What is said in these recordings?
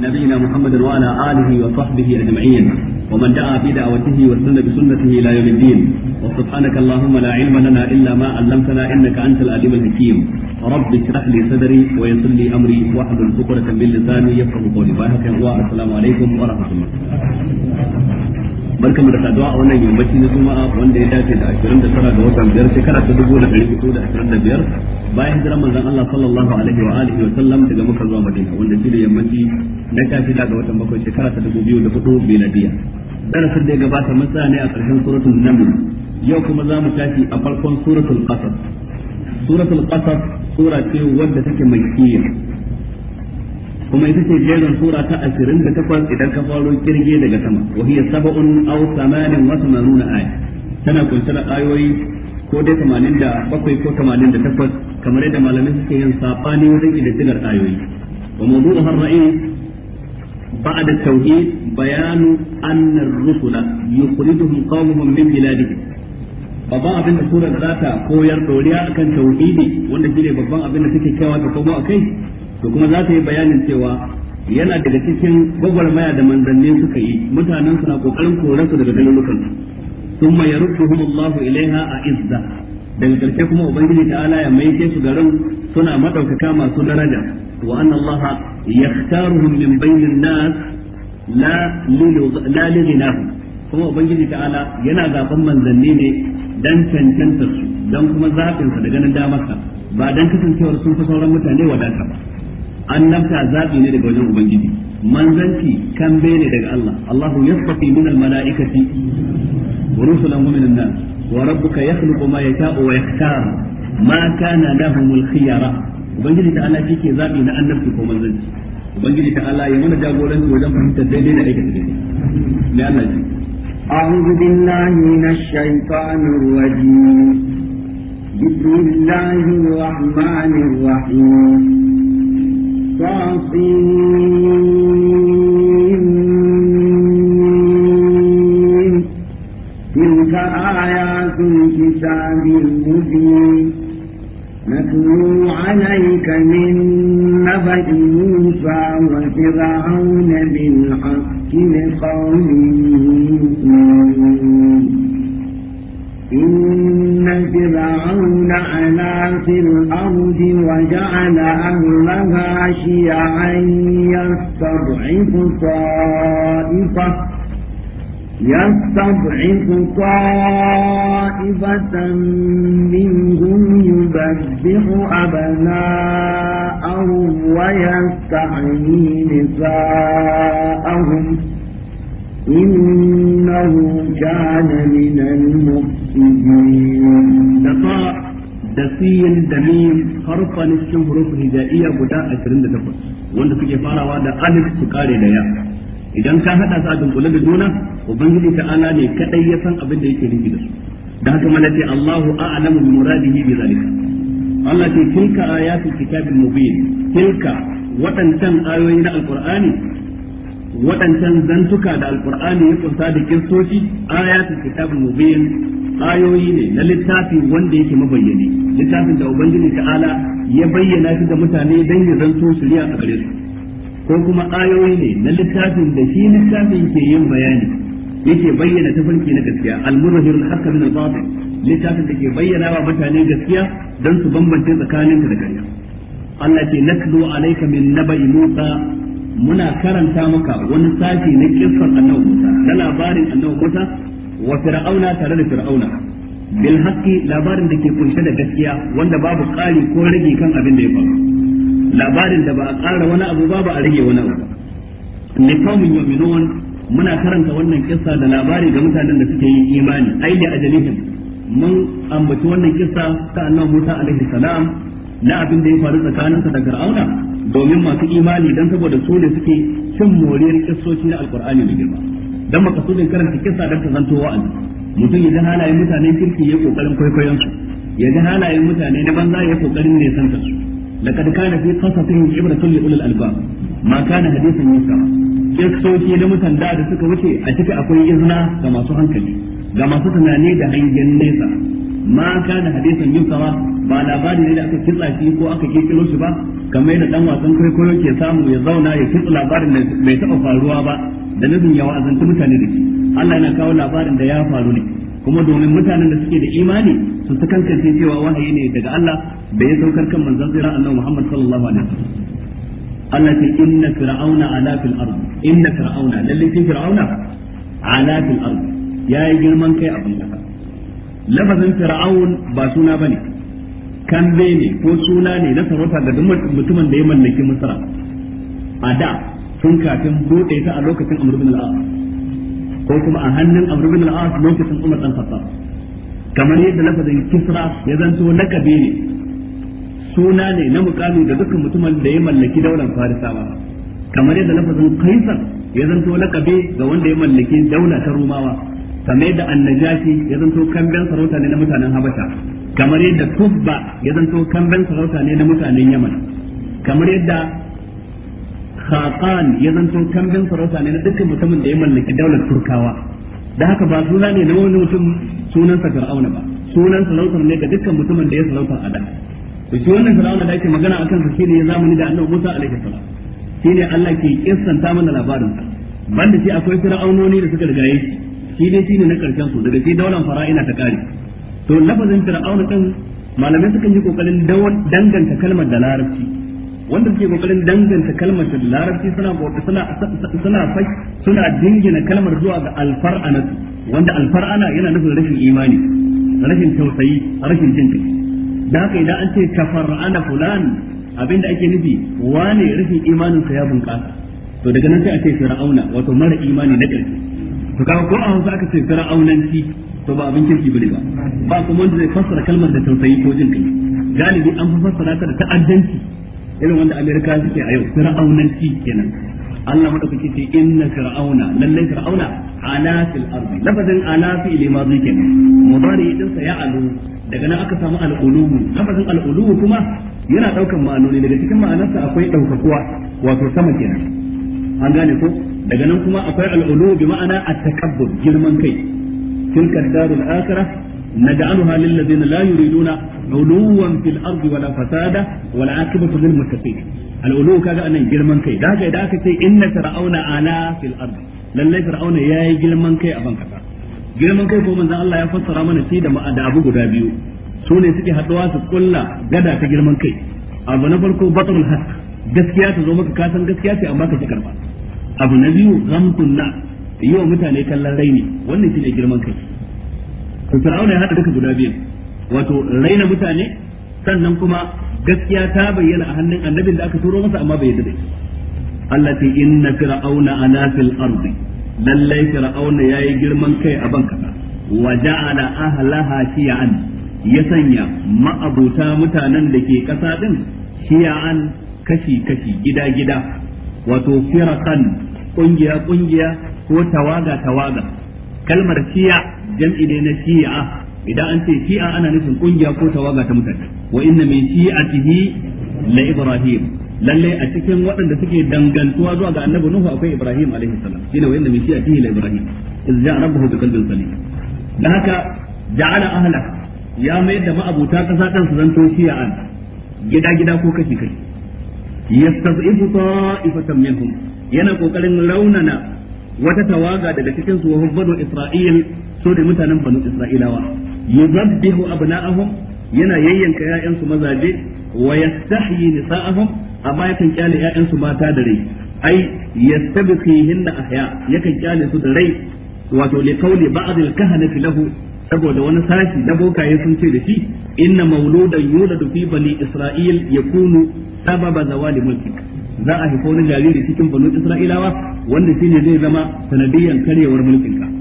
نبينا محمد وعلى آله وصحبه أجمعين ومن دعا بدعوته واستنى بسنته الى يوم الدين وسبحانك اللهم لا علم لنا الا ما علمتنا انك انت العليم الحكيم رب اشرح لي صدري ويسر لي امري واحلل عقدة من لساني يفقه قولي بارك الله السلام عليكم ورحمه الله barkamu da saduwa a wannan yammaci na juma'a wanda ya dace da 29 ga watan biyar shekara ta biyar bayan hijirar manzon Allah sallallahu alaihi wa alihi wa sallam daga Makka zuwa Madina wanda shi da yammaci na 16 ga watan bakwai shekara ta darasin da ya gabata mun tsaya ne a ƙarshen suratul naml yau kuma za mu tashi a farkon suratul qasas suratul qasas sura ce wadda take makkiyya kuma ita ce jerin sura ta 28 idan ka faro kirge daga sama wa hiya sab'un aw thamanin wa thamanuna aya tana kunshe da ayoyi ko dai tamanin da bakwai ko tamanin da takwas kamar yadda malamin suke yin sabani wajen idadigar ayoyi wa mawdu'uha ar-ra'is ba'da tauhid bayanu anna rusula yukhrijuhum qaumuhum min biladihim babban abin da surar da zata koyar doriya kan tauhidi wanda shine babban abin da take kaiwa ta komo kai. to kuma za ta yi bayanin cewa yana daga cikin gwagwarmaya da manzanni suka yi mutanen suna kokarin koransu daga galurukan thumma yarudduhum Allahu ilaiha a isda. daga garke kuma ubangiji ta'ala ya maike su garin suna madaukaka masu daraja wa anna Allah yakhtaruhum min nas la lilinahu kuma ubangiji ta'ala yana zaben manzanni ne dan cancanta su dan kuma zaɓin sa da ganin damarsa ba dan kasancewar sun fi sauran mutane wadata ba annabta zaɓi ne daga wajen ubangiji manzanci kan ne daga Allah Allahu yasfati min almalaikati wa rusulan wa minan nas wa rabbuka yakhluqu ma yasha'u wa yaktar ma kana lahumul khiyara ubangiji ta'ala shi ke zaɓi na annabci ko manzanci ubangiji ta Allah ya mana jagoranci wajen fahimtar daidai da aikata daidai ne Allah ji أعوذ بالله من الشيطان الرجيم بسم الله الرحمن الرحيم صافين تلك آيات الكتاب المبين نتلو عليك من نبأ موسى وفرعون بالحق لقوم يؤمنون إن فرعون علا في الأرض وجعل أهلها شيعا يستضعف طائفة يستضعف طائفة a يذبح أبناءهم ويستحيي نساءهم إنه كان من المفسدين. dasiyin da miyin harfa cikin hurufu hijaiya guda 28 wanda suke farawa da alif su kare daya. idan ka hada su a dunkule da juna ubangiji ta'ala ne kadai ya san abin da yake nufi da su da haka mana ce Allahu a'lamu bi muradihi bi zalika Allah ce tilka ayatu kitabil mubin tilka waɗancan ayoyi na alqur'ani waɗancan zantuka da alqur'ani ya kunta da kirtoci ayatu kitabil mubin ayoyi ne na littafi wanda yake mabayyane littafin da ubangiji ta'ala ya bayyana shi ga mutane dan ya zanto shari'a a gare su ko kuma ayoyi ne na littafin da shi littafin ke yin bayani yake bayyana tafarki na gaskiya al-murhirul haqq min al-batil littafin da ke bayyana wa mutane gaskiya dan su bambance tsakaninka da ƙarya Allah ce naklu alayka min naba'i Musa muna karanta maka wani sashi na kissar annabi Musa da labarin annabi Musa wa fir'auna tare da fir'auna bil haqqi labarin da ke kunshe da gaskiya wanda babu ƙari ko rage kan abin da ya faru labarin da ba a ƙara wani abu ba ba a rage wani abu yau minuwan muna karanta wannan kisa da labari ga mutanen da suke yin imani ai da ajalihim mun ambaci wannan kisa ta annabi Musa alaihi salam na abin da ya faru tsakanin sa da Fir'auna domin masu imani dan saboda su ne suke cin moriyar kissoci na alkur'ani mai girma dan makasudin karanta kisa dan ta zanto wa'azi mutum ya ji halayen mutanen kirki ya kokarin kwaikwayon su ya ji halayen mutane na banza ya kokarin ne san su لقد كان في قصصهم عبرة لأولي الألباب ما كان حديثا يسرا kirsoshi na mutan da da suka wuce a ciki akwai izna ga masu hankali ga masu tunani da hangen nesa ma kana hadisan yusawa ba labari ne da aka kitsa shi ko aka kirkiro shi ba kamar da ɗan wasan kwaikwayo ke samu ya zauna ya kitsa labarin da bai taɓa faruwa ba da nufin ya wa'azanta mutane da shi Allah na kawo labarin da ya faru ne kuma domin mutanen da suke da imani su sakankance cewa wahayi ne daga Allah da ya saukar kan manzon tsira annabi Muhammad sallallahu alaihi wasallam Allah ce inna fir'auna ala fil ard inna fir'auna lalle shi fir'auna ala fil ard yayi girman kai a banka lafazin fir'aun ba suna bane kambe ne ko suna ne na sarauta ga mutumin da ya mallaki Misra a da tun kafin bude ta a lokacin Amr bin al-As ko kuma a hannun Amr ibn al lokacin Umar dan Khattab kamar yadda lafazin Kisra ya zanto lakabi ne suna ne na mukami da dukkan mutumin da ya mallaki daular Farisawa kamar yadda lafazin Kaisar ya zanto lakabi ga wanda ya mallaki daula ta Rumawa kamar yadda annajashi ya zanto kamben sarauta ne na mutanen Habasha kamar yadda Tubba ya zanto kamben sarauta ne na mutanen Yaman kamar yadda khaqan ya zanto kambin sarauta ne na dukkan mutumin da ya mallaki daular turkawa da haka ba suna ne na wani mutum sunansa fir'auna ba sunan sarautar ne ga dukkan mutumin da ya sarautar a da to shi wannan fir'auna da ake magana akan sa shine ya zamani da annabi Musa alaihi salam shine Allah ke kissanta mana labarin sa banda shi akwai fir'aunoni da suka rigaye shi ne shine na karshen su daga shi daular fara'ina ta kare to lafazin fir'auna din malamai sukan yi kokarin danganta kalmar da larabci wanda suke kokarin danganta kalmar da larabci suna suna suna suna dingina kalmar zuwa ga alfar'ana wanda alfar'ana yana nufin rashin imani rashin tausayi rashin jin kai da haka idan an ce kafar'ana fulan abinda ake nufi wane rashin imanin sa ya bunƙasa to daga nan sai a ce fir'auna wato mara imani na ƙarfi to kaga ko a Hausa aka ce fir'aunanci to ba abin kirki bane ba ba kuma wanda zai fassara kalmar da tausayi ko jin kai galibi an fassara ta da ta'addanci irin wanda amerika suke a yau fir'aunanci kenan Allah madaukaki ce inna fir'auna lallai fir'auna ala fil ardi lafazin ala fi limadhi kenan mudari din sa ya'alu daga nan aka samu al-ulumu lafazin al kuma yana daukan ma'anoni daga cikin ma'anarsa akwai daukakuwa wato sama kenan an gane ko daga nan kuma akwai al-ulumu bi ma'ana at-takabbur girman kai tilka darul akhirah نجعلها للذين لا يريدون علوا في الارض ولا فسادا والعاقبه للمتقين العلو كذا ان جرمان كي دهك اذا كتي ان فرعون علا في الارض lalle fir'auna yayi girman kai a bankasa girman kai ko manzon Allah ya fassara mana shi da da abu guda biyu su ne suke haduwa su kulla gada ta girman kai abu na farko batrul haq gaskiya ta zo maka ka san gaskiya ce amma ka ji karba abu na biyu ghamtun na yi wa mutane kallon raini wannan shi ne girman kai to fir'auna ya hada duka guda biyu wato raina mutane sannan kuma gaskiya ta bayyana a hannun annabin da aka turo masa amma bai yadda Allah ta inna fir'auna ana fil ardi lallai fir'auna yayi girman kai a banka wa ja'ala ahlaha shi'an ya sanya ma'abuta mutanen da ke kasa din shi'an kashi kashi gida gida wato firaqan kungiya kungiya ko tawaga tawaga kalmar shi'a jam'i ne na shi'a idan an ce shi'a ana nufin kungiya ko tawaga ta mutane wa inna min shi'atihi la ibrahim lalle a cikin waɗanda suke dangantuwa zuwa ga annabi nuhu akwai ibrahim alaihi salam shine wa inna min shi'atihi la ibrahim iz ja'a rabbuhu bi qalbin salim dan haka ja'ala ahla ya mai da ma'abuta kasa kan su zanto shi'an gida gida ko kashi kashi yastad'ifu ta'ifatan minhum yana kokarin raunana wata tawaga daga cikin su wa banu isra'il so da mutanen banu isra'ilawa yuzabbihu abna'ahum yana yayyanka ƴaƴansu mazaje wa yastahyi nisa'ahum amma yakan kyale ƴaƴansu mata da rai ai yastabqihinna ahya yakan kyale su da rai wato li qawli ba'd al-kahanati lahu saboda wani sashi na bokaye sun ce da shi inna mauludan yuladu fi bani isra'il yakunu sababa zawali mulki za a haifo wani jariri cikin banu isra'ilawa wanda shine zai zama sanadiyan karyewar mulkinka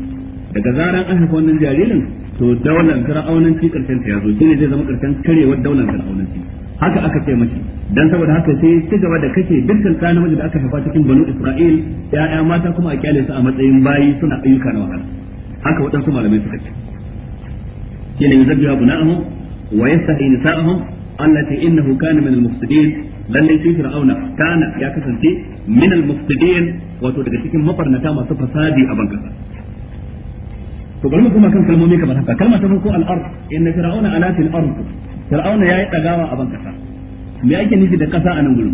daga zaran an haifa wannan jaririn to daular fir'aunanci karshen ta yazo shine zai zama karshen karewar daular fir'aunanci haka aka ce mace dan saboda haka sai ci gaba da kake, dukkan ka namiji da aka haifa cikin banu isra'il ya'ya mata kuma a kyale su a matsayin bayi suna ayyuka na wahala haka waɗansu malamai suka ce shine yuzabbiha bunahum wa yastahi nisa'ahum allati innahu kana min al-mufsidin lalle shi fir'auna kana ya kasance min al-mufsidin wato daga cikin mafarnata masu fasadi a bankasa to bari mu koma kan kalmomi kamar haka kalma ta farko al-ard inna fir'auna ala fil ard fir'auna yayi dagawa a ban kasa me ake nufi da kasa a nan gurin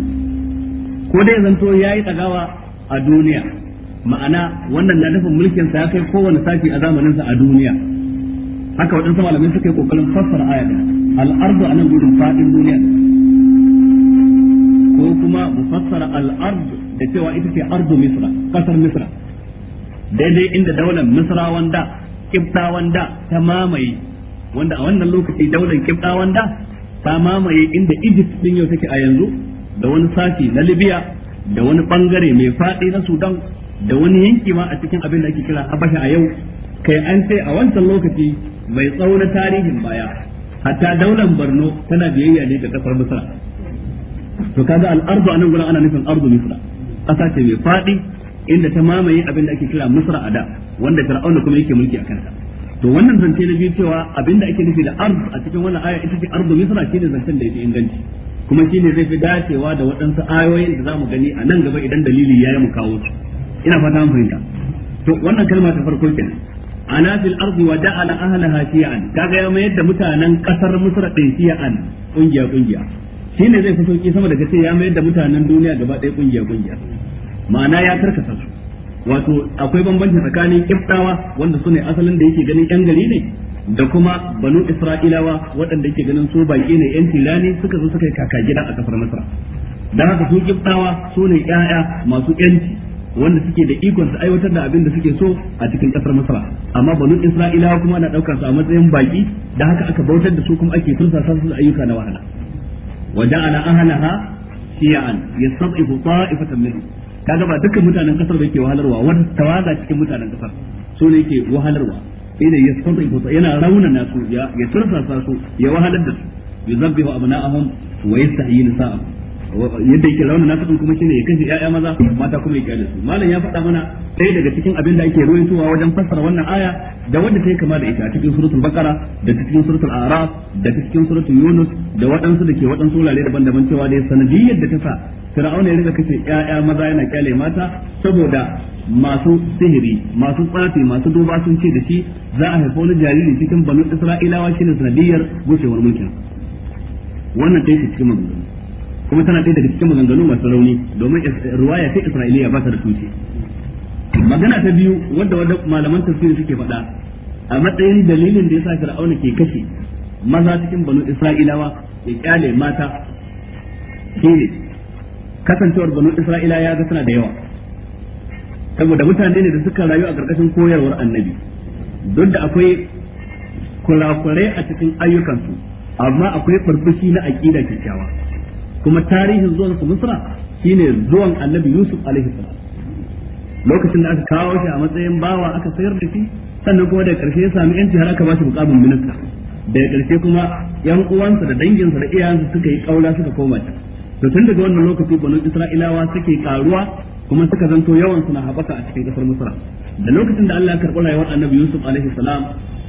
ko dai zanto yayi dagawa a duniya ma'ana wannan na nufin mulkin sa ya kai kowane sashi a zamaninsa a duniya haka wadansu malamai suka yi kokarin fassara ayat al-ard a nan gurin fadin duniya ko kuma mu fassara al-ard da cewa ita ce ardu misra kasar misra daidai inda daular misrawan da kibtawan da ta mamaye wanda a wannan lokaci daular kibtawan da ta mamaye inda Egypt din yau take a yanzu da wani sashi na Libya da wani bangare mai faɗi na Sudan da wani yanki ma a cikin abin da ake kira Habasha a yau kai an sai a wancan lokaci mai tsawo tarihin baya hatta daular Borno tana biyayya ne ga kasar Misra to kaga al-ardu anan gurin ana nufin ardu Misra ƙasa ce mai faɗi inda ta mamaye abin da ake kira Misra a da wanda fir'auna kuma yake mulki a ta to wannan zance na biyu cewa abinda ake nufi da arz a cikin wannan aya ita ce arzu misra shine zancen da yake inganci kuma shine zai fi dacewa da waɗansu ayoyin da zamu gani a nan gaba idan dalili yayi mu kawo su ina fata an fahimta to wannan kalma ta farko kenan ana fil ardi wa da'ala ahlaha shi'an kaga ya mayar da mutanen kasar misra din shi'an kungiya kungiya shine zai fi sauki sama da kace ya mayar da mutanen duniya gaba ɗaya kungiya kungiya ma'ana ya karkasa su wato akwai bambanci tsakanin kiftawa wanda ne asalin da yake ganin yan gari ne da kuma banu isra'ilawa waɗanda yake ganin su baƙi ne yan tila ne suka zo suka yi kaka gida a kasar misra da haka su kiftawa su ne ƴaƴa masu yanci wanda suke da ikon su aiwatar da abin da suke so a cikin kasar misra amma banu Isra'ilawa kuma na ɗauka su a matsayin baki da haka aka bautar da su kuma ake tursasa su ayyuka na wahala wa ana ahalaha shi'an yastad'ifu ta'ifatan minhum kaga ba dukkan mutanen kasar da ke wahalarwa wani tawaga cikin mutanen kasar su ne ke wahalarwa ina ya tsantsa yana raunana su ya tursasa su ya wahalar da su yuzabbihu abna'ahum wa yastahyi nisa'ahum yadda yake launin na kasan kuma shine ya kashe ƴaƴa maza mata kuma ya da su malam ya faɗa mana ɗaya daga cikin abin da ake ruwaitowa wajen fassara wannan aya da wanda ta yi kama da ita a cikin suratul baqara da cikin suratul araf da cikin suratul yunus da waɗansu da ke waɗansu wurare daban-daban cewa da sanadiyyar da ta sa fir'auna ya rika kashe yaya maza yana kyale mata saboda masu sihiri masu tsafi masu duba sun ce da shi za a haifa wani jariri cikin banu isra'ilawa shine sanadiyyar gushewar mulkin wannan yi cikin magana kuma tana ɗaya daga cikin maganganu masu rauni domin ruwaya ta isra'iliya ba ta da tushe magana ta biyu wadda wadda malaman tafsiri suke faɗa a matsayin dalilin da yasa fir'auna ke kashe maza cikin banu isra'ilawa ya kyale mata shine kasancewar banu isra'ila ya ga tana da yawa saboda mutane ne da suka rayu a ƙarƙashin koyarwar annabi duk da akwai kurakurai a cikin ayyukansu amma akwai ɓarɓashi na aƙida kyakkyawa kuma tarihin zuwan su Misra shine zuwan Annabi Yusuf alaihi lokacin da aka kawo shi a matsayin bawa aka sayar da shi sannan kuma daga karshe ya sami yanci har aka ba shi mukamin minista daga karshe kuma yan uwansa da danginsa da iyayensa suka yi kaula suka koma ta to tun daga wannan lokaci banu Isra'ilawa suke karuwa kuma suka zanto yawan suna haɓaka a cikin kasar Misra da lokacin da Allah ya karɓi rayuwar Annabi Yusuf alaihi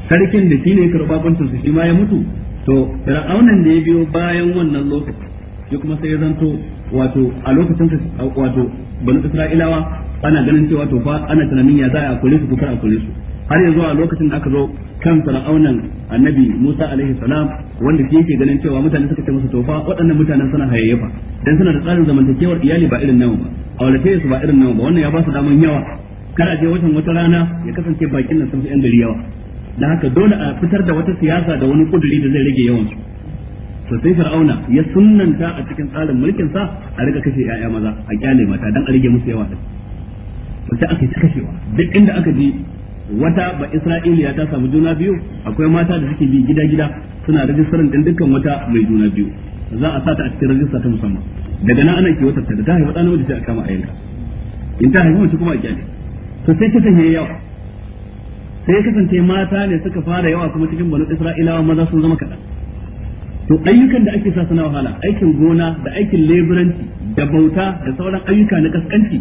sarkin da shine ya karɓa bancin su shi ma ya mutu to fir'aunan da ya biyo bayan wannan lokaci shi kuma sai ya zanto wato a lokacin wato bani isra'ilawa ana ganin cewa to fa ana tunanin ya za a kore su ko kar a kule su har yanzu a lokacin da aka zo kan fir'aunan annabi Musa alaihi salam wanda shi yake ganin cewa mutane suka ce masa to fa waɗannan mutanen suna hayayyafa dan suna da tsarin zamantakewar iyali ba irin nawa ba auratayyar su ba irin nawa ba wannan ya ba su daman yawa kar a je wajen wata rana ya kasance bakin nan sun fi yan gari yawa da haka dole a fitar da wata siyasa da wani kuduri da zai rage yawan su to sai fir'auna ya sunnanta a cikin tsarin mulkin sa a rika kashe yaya maza a kyale mata dan a rage musu yawa da to sai aka ta kashewa duk inda aka ji wata ba isra'iliya ta samu juna biyu akwai mata da suke bi gida gida suna rajistarin din dukkan wata mai juna biyu za a sata a cikin rajista ta musamman daga nan ana kiwata ta da ta haifa ɗan namiji sai a kama a yanka in ta haifa mace kuma a kyale to sai ta tafi yawa sai kasance mata ne suka fara yawa kuma cikin banu isra'ilawa maza sun zama kaɗan to ayyukan da ake sa suna wahala aikin gona da aikin leburanci da bauta da sauran ayyuka na kaskanci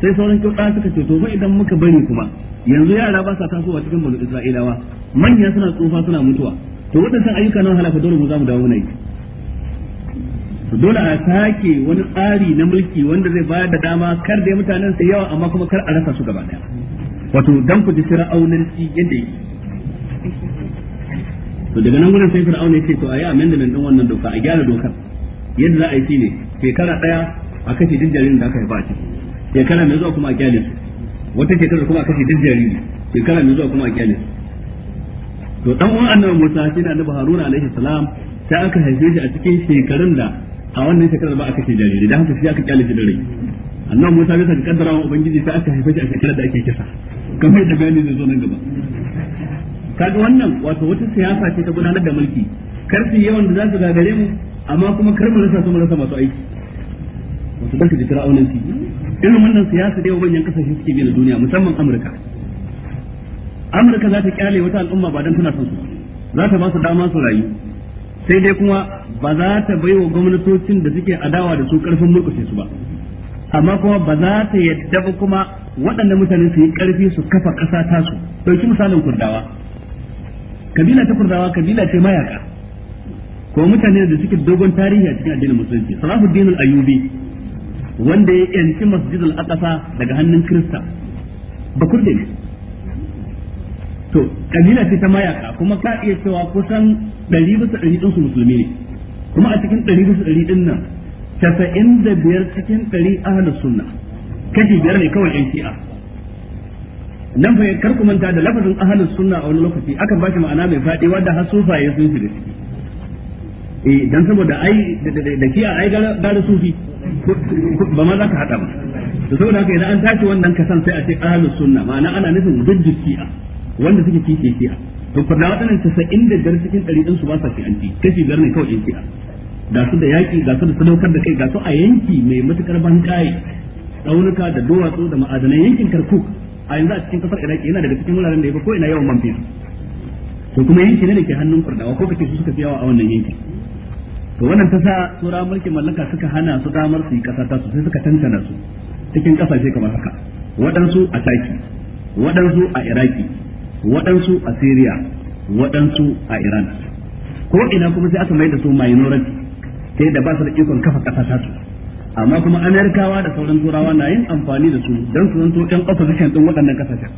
sai sauran kyauta suka ce to idan muka bari kuma yanzu yara ba sa tasowa cikin bani isra'ilawa manya suna tsufa suna mutuwa to waɗannan ayyuka na wahala fa dole mu za mu dawo muna yi dole a sake wani tsari na mulki wanda zai bayar da dama kar da mutanen sai yawa amma kuma kar a rasa su gaba daya wato dan ku ji fir'aunanci yadda yake to daga nan gurin sai fir'auna ya ce to ayi amendment din wannan doka a gyara dokar yadda za a yi shine shekara daya a kashe duk jaririn da aka haifa a ciki shekara mai zuwa kuma a gyara su wata shekara kuma a kashe duk jariri shekara mai zuwa kuma a gyara su to dan uwan annabi Musa shi da annabi Haruna alaihi salam sai aka haife shi a cikin shekarun da a wannan shekarar ba a kashe jariri dan haka sai aka kyale shi da rai annabi Musa bisa ga kaddarawan ubangiji sai aka haife shi a shekarar da ake kisa kamar da bayani zai zo nan gaba kaga wannan wato wata siyasa ce ta gudanar da mulki karfi yawan da za su gagare mu amma kuma kar mu rasa su mu rasa masu aiki wato ɗan ka ji fir'aunan irin wannan siyasa dai manyan kasashen suke bi na duniya musamman Amurka Amurka za ta kyale wata al'umma ba dan tana son su za ta ba su dama su rayu sai dai kuma ba za ta wa gwamnatocin da suke adawa da su karfin murkushe su ba amma kuma ba za ta yadda ba kuma waɗanda mutane su yi ƙarfi su kafa ƙasa tasu ɗauki misalin kurdawa kabila ta kurdawa kabila ce mayaka ko mutane da suke dogon tarihi a cikin addinin musulunci salahuddin al-ayyubi wanda ya yanci masjid al-aqsa daga hannun krista bakur da ne to kabila ce ta mayaka kuma ka iya cewa kusan 100 bisa 100 din su musulmi ne kuma a cikin 100 bisa 100 din nan 95 cikin 100 ahlus sunna kashi biyar ne kawai yan shi'a nan fa kar ku manta da lafazin ahlus sunna a wani lokaci akan ba shi ma'ana mai fadi wanda har sufaye sun da shi eh dan saboda ai da a ai gara sufi ba ma za ka hada ba to saboda haka idan an tashi wannan kasan sai a ce ahlus sunna ma'ana ana nufin dukkan shi'a wanda suke kike shi'a to fa da wadannan gar cikin dari din su ba sa anti kashi biyar ne kawai in shi'a ga su da yaki ga su da sadaukar da kai ga su a yanki mai matukar ban kai tsaunuka da duwatsu da ma'adanan yankin Karkuk a yanzu a cikin kasar iraki yana daga cikin wuraren da ya ko ina yawan man fetur to kuma yanki ne da ke hannun fardawa ko kace su suka fi yawa a wannan yanki to wannan ta sa tsoron mulkin mallaka suka hana su damar su yi kasa ta su sai suka tantana su cikin kasashe kamar haka waɗansu a taki waɗansu a iraki waɗansu a syria waɗansu a iran ko ina kuma sai aka mai da su minority sai da ba su da ikon kafa kasa ta su amma kuma amerikawa da sauran turawa na yin amfani da su don su zanto yan opposition din waɗannan kasashen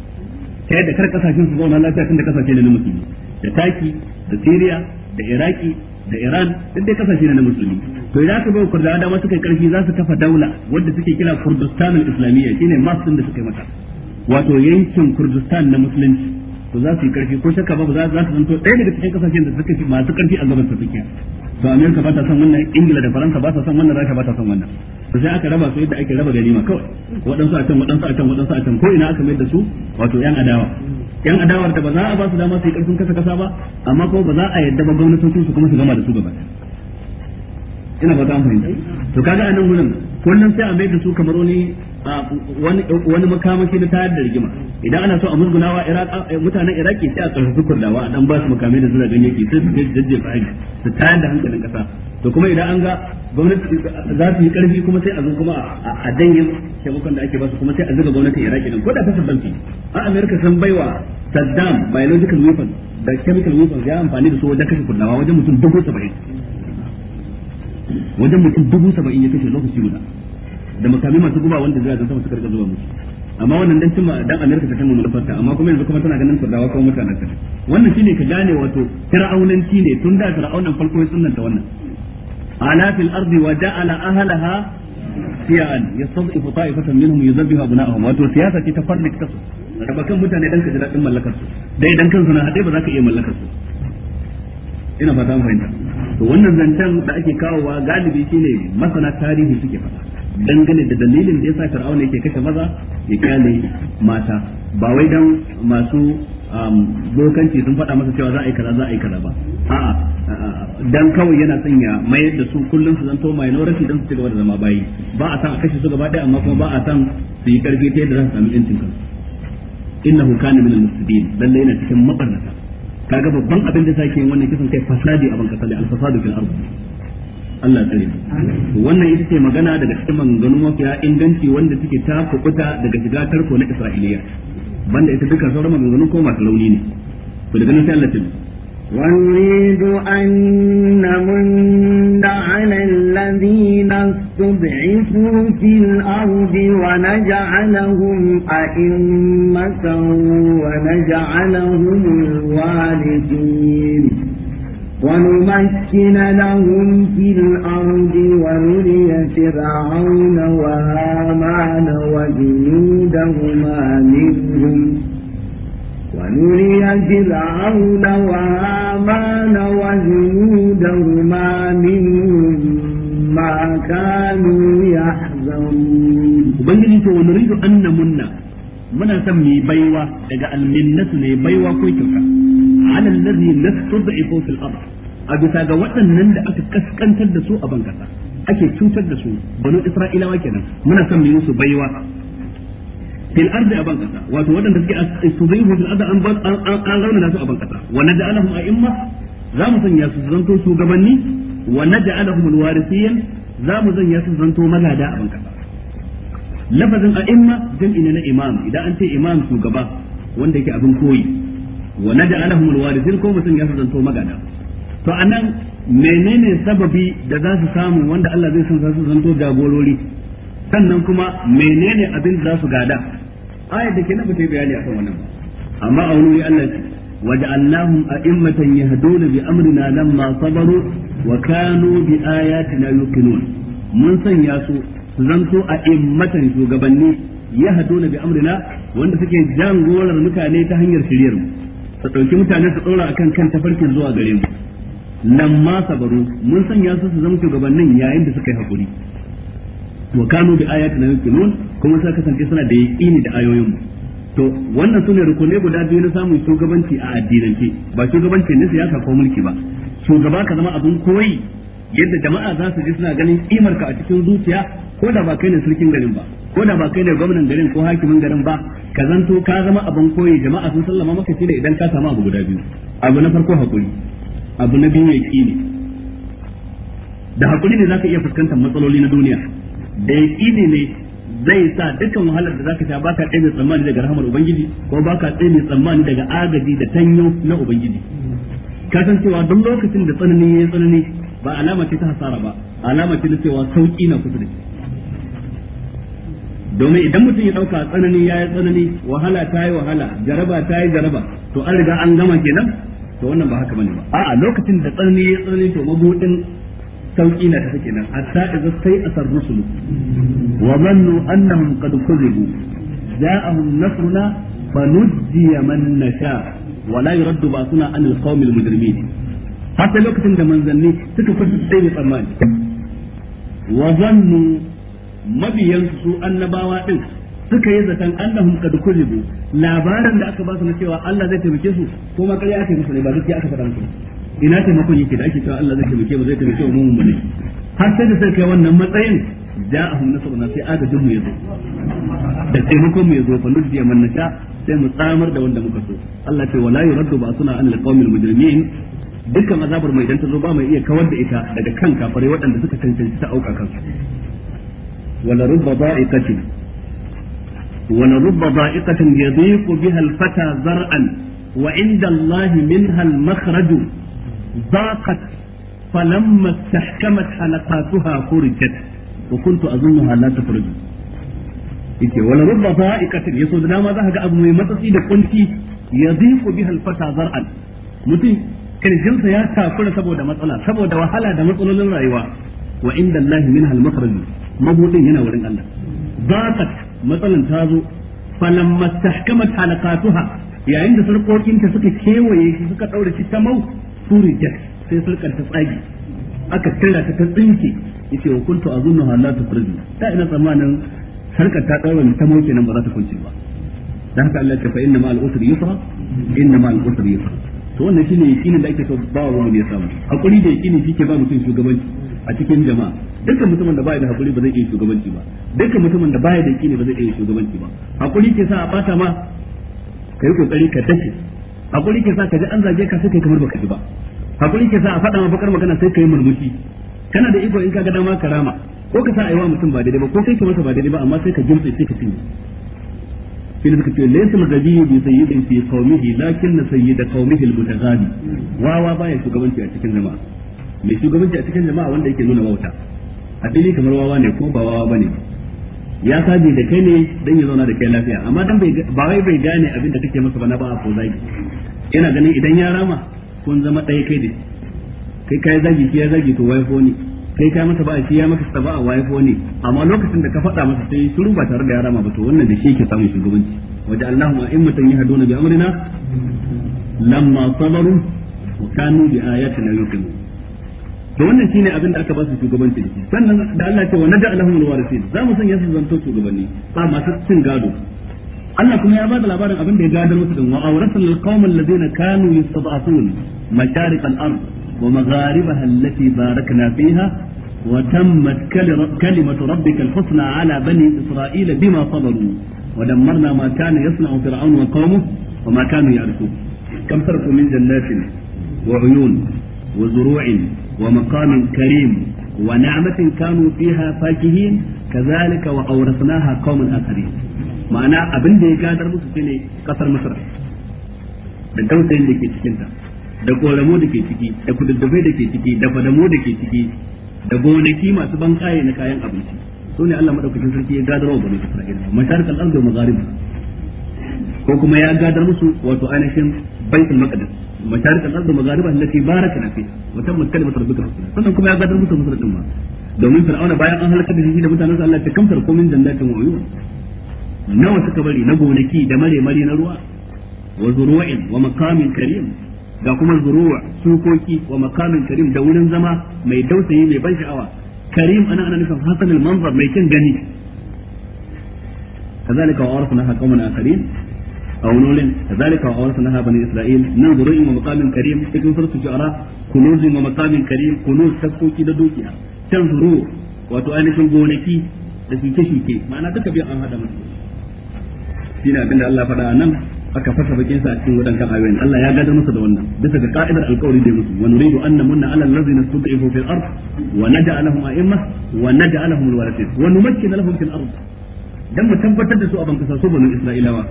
ta yadda kar kasashen su zauna lafiya tun da kasashe na musulmi da taki da siriya da iraki da iran duk dai ƙasashe na musulmi to idan aka bai kurdawa dama suka yi karfi za su kafa daula wadda suke kira kurdistan islamiyya shine masu da suka yi mata wato yankin kurdistan na musulunci to za su yi karfi ko shakka ba za su zanto ɗaya daga cikin kasashen da suka fi masu karfi a gaban tafiya. to amerika ba ta son wannan ingila da faransa ba ta son wannan rasha ba ta son wannan to sai aka raba su yadda ake raba ganima kawai waɗansu a can waɗansu a can waɗansu a can ko ina aka mai da su wato yan adawa yan adawar da ba za a ba su dama su yi karfin kasa kasa ba amma kuma ba za a yadda ba gwamnatocin su kuma su gama da su gaba ina ba ta fahimta to kaga a nan gurin kullum sai a mai da su kamar wani wani makamashi na tayar da rigima idan ana so a musgunawa mutanen iraki sai a su kurdawa a dan ba su makamai da zura ganye ke sai su je jajje fahimta su tayar da hankalin kasa to kuma idan an ga gwamnati za su yi karfi kuma sai a zo kuma a danyen shagukan da ake ba su kuma sai a zuga gwamnatin iraki din ko da ta sabbanci a amerika sun baiwa saddam biological weapon da chemical weapons ya amfani da su wajen kashe kurdawa wajen mutum dubu saba'in wajen mutum dubu saba'in ya kashe lokaci guda da makami masu guba wanda jiragen sama suka rika zuba musu amma wannan dan cimma dan Amerika ta kama manufarta amma kuma yanzu kuma tana ganin kurdawa ko mutanen ta wannan shine ka gane wato fir'aunanci ne tun da fir'aunan farko ya sunnanta wannan ala fil ardi wa ja'ala ahlaha shi'an yastad'ifu ta'ifatan minhum yuzabbihu abna'ahum wato siyasa ce ta farnik su. raba kan mutane dan ka ji dadin mallakar su dai dan kansu na hade ba za ka iya mallakar su ina fata mu fahimta to wannan zancen da ake kawowa galibi shine masana tarihi suke faɗa dangane da dalilin da yasa fir'aun yake kashe maza ya kyale mata ba wai dan masu um, bokanci sun faɗa masa cewa za a yi kaza za a yi kaza ba a'a dan kawai yana son ya mayar da su kullum su zanto minority dan su ci gaba da zama bayi ba a san a kashe su gaba ɗaya amma kuma ba a san su yi karfi ta yadda za su sami yancin kansu innahu kana min al-mufsidin lalle yana cikin mabarnata kaga babban abin da sake yin wannan kisan kai fasadi a ban al-fasadu fil ardh Allah tsare wannan ita ce magana daga cikin maganganun mafiya inganci wanda suke ta kukuta daga shiga tarko na Isra'iliya banda ita duka sauran maganganun ko masu rauni ne to daga nan sai Allah tsare ونريد أن نمن على الذين استضعفوا في الأرض ونجعلهم أئمة ونجعلهم الوارثين ونمكن لهم في الأرض ونري فرعون وهامان وجنودهما منهم ونري فرعون وهامان وجنودهما منهم ما كانوا يحزنون وبنجي ونريد أن نمنّ muna son mu baiwa daga alminnasu ne baiwa ko kyauta alal ladhi nastud'ifu fil ard a bisa ga waɗannan da aka kaskantar da su a ban ake cutar da su banu isra'ilawa kenan muna son mu yi musu baiwa fil ardi aban kasa wato waɗanda suke tud'ifu fil ardi an an raunana su aban kasa wa naj'aluhum a'imma za mu sanya su zanto shugabanni wa naj'aluhum alwarithiyan za mu sanya su zanto magada a kasa lafazin a'imma jam'i ne na imam idan an ce imam shugaba wanda yake abin koyi wa alahum alwarithin ko mutum ya zanto magana to anan menene sababi da za su samu wanda Allah zai san su zanto jagorori sannan kuma menene abin da za su gada ayat da ke na bata bayani akan wannan amma a wani Allah bi amrina lamma sabaru wa kanu bi ayatina yuqinun mun sanya su zanto a immatan shugabanni ya na bi amrina wanda suke jan mutane ta hanyar shiryar mu su dauki mutane su dora akan kan tafarkin zuwa gare mu Nan ma sabaru mun sanya su su zama shugabannin yayin da suka yi hakuri to kanu bi na yukunun kuma sai kasance suna da yaqini da ayoyin mu to wannan sune rukunai guda biyu na samun shugabanci a addinance ba shugabanci ne siyasa ko mulki ba shugaba ka zama abin koyi yadda jama'a za su ji suna ganin kimar ka a cikin zuciya ko da ba kai ne sarkin garin ba ko da ba kai ne gwamnan garin ko hakimin garin ba ka zanto ka zama abin koyi jama'a sun sallama maka shi ne idan ka samu abu guda biyu abu na farko hakuri abu na biyu yaqini da hakuri ne zaka iya fuskantar matsaloli na duniya da yaqini ne zai sa dukkan wahalar da zaka sha baka tsaye tsammani daga rahmar ubangiji ko baka tsaye tsammani daga agaji da tanyo na ubangiji ka san cewa duk lokacin da tsanani ya tsanani ba alama ce ta hasara ba alama ce na cewa sauki na kusa da shi domin idan mutum ya dauka tsanani ya yi tsanani wahala ta yi wahala jaraba ta yi jaraba to an riga an gama kenan to wannan ba haka bane ba a'a lokacin da tsanani ya tsanani to mabudin sauki na tafi kenan hatta idza sai asar rusul wa zannu annahum qad kuzibu ja'ahum nasruna fanujjiya man nasha wa la yuraddu ba'suna anil qawmil mujrimin har sai lokacin da manzanni suka fi tsaye tsammani wa zannu mabiyan su annabawa din suka yi zaton annahum kad kuzibu labaran da aka ba su na cewa Allah zai taimake su ko ma ƙarya aka musu ne ba gaskiya aka faɗa musu ina taimakon yake da ake cewa Allah zai taimake mu zai taimake mu mun bane har sai da sai kai wannan matsayin ja'ahum nasruna sai agajin mu yazo da taimakon mu yazo fa nuddi man nasha sai mu tsamar da wanda muka so Allah ce wala yuraddu ba suna an alqawmil mujrimin dukkan azabar mai idan ta zo ba mai iya kawar da ita daga kan kafare waɗanda suka tantance ta auka kansu wala rubba ba'iqatin wala rubba ba'iqatin yadhiqu biha al-fata zar'an wa 'inda Allah minha al-makhraj ضاقت فلما استحكمت حلقاتها فرجت وكنت أظنها لا تخرج yake wala rubba fa'iqatin yaso da dama za ka ga abu mai matsatsi da kunci yadhiqu biha al-fata zar'an mutum kirjinsa ya takura saboda matsala saboda wahala da matsalolin rayuwa wa inda Allah min hal makarabi mabudin yana wurin Allah zaqat matsalan ta zo falamma tahkamat halaqatuha yayin da sarkokinta suka kewaye shi suka daure shi ta mau jak sai sarkar ta tsage aka tira ta ta tsinke yace wa kuntu azunnu la tukhruju ta ina tsammanin sarkar ta daure ta mau nan ba za ta kunce ba dan haka Allah ya ce fa inna ma al-usri yusra inna ma al-usri yusra to wannan shine yakinin da ake so ba wa wani ya samu hakuri da yakini shike ba mutum shugabanci a cikin jama'a dukkan mutumin da baya da hakuri ba zai iya shugabanci ba dukkan mutumin da baya da yakini ba zai iya shugabanci ba hakuri ke sa a bata ma ka yi kokari ka dace hakuri ke sa ka ji an zage ka sai kai kamar baka ji ba hakuri ke sa a fada ma bakar magana sai kai murmushi kana da iko in ka ga dama karama ko ka sa aiwa mutum ba daidai ba ko kai ki masa ba daidai ba amma sai ka gimtse sai ka cinye sai suka ce laysa al-ghabiyyu bi sayyidin fi qaumihi lakin sayyid qaumihi al-mutaghabi wawa baya shugabanci a cikin jama'a mai shugabanci a cikin jama'a wanda yake nuna wauta a fili kamar wawa ne ko ba wawa bane ya saji da kai ne dan ya zauna da kai lafiya amma dan bai ba wai bai gane abin da kake masa ba na ba a ko zagi yana ganin idan ya rama kun zama ɗaya kai da kai kai zagi ki ya zagi to wai ko ne kai ka masa ba shi ya maka saba wa ya ne amma lokacin da ka faɗa masa sai shiru ba tare da yara ma ba to wannan da shi ke samun shugabanci waje Allahumma immatan na bi amrina lamma sabaru wa kanu bi ayatina yuqinun to wannan shine abin da aka ba su shugabanci da shi sannan da Allah ce wa naja lahum alwarisin za mu sanya su to shugabanni ba masu cin gado Allah kuma ya bada labarin abin da ya gadar musu din wa awrasal alqawm ladina kanu yastad'afun masharik ardh ومغاربها التي باركنا فيها وتمت كلمة ربك الحسنى على بني إسرائيل بما صبروا ودمرنا ما كان يصنع فرعون وقومه وما كانوا يعرفون كم تركوا من جنات وعيون وزروع ومقام كريم ونعمة كانوا فيها فاكهين كذلك وأورثناها قوم آخرين معنى أبن دي قادر مصر قصر مصر بالدوسين اللي كنت da ƙoramu da ke ciki da kududdufai da ke ciki da fadamu da ke ciki da gonaki masu ban kaye na kayan abinci su ne Allah maɗaukacin sarki ya wa bane Isra'ila masharik al-ardi wa magharib ko kuma ya gadar musu wato ainihin baitul maqdis masharik al-ardi wa magharib allati barakna fiha wa tammat kalimatu rabbika husna sannan kuma ya gadar musu musu din ma domin fir'auna bayan an halaka da shi da mutanen Allah ta kamfar komin jannatin wa uyun nawa suka bari na gonaki da mare mare na ruwa wa zuru'in wa maqamin karim da kuma zuruwa sukoki wa makamin karim da wurin zama mai dausayi mai ban sha'awa karim ana ana nufin hasanul manzar mai kyan gani kazalika wa arsalna qauman akharin أو نول كذلك وأورثناها بني إسرائيل من ذري ومقام كريم تكن سورة الشعراء كنوز ومقام كريم كنوز تفكوكي دوكيا كان ذرو وتؤنس غونكي da shuke-shuke ma'ana duka biyan an hada musu shi abinda Allah faɗa a nan aka fasa bakin sa a cikin wadannan ayoyin Allah ya gadar masa da wannan bisa ga ka'idar alƙawari da musu wa nuridu an namunna ala allazina stud'ifu fil ard wa naj'alahum a'imma wa naj'alahum alwarithin wa numakkina lahum fil ard dan mu tabbatar da su a bankasa su banu isra'ilawa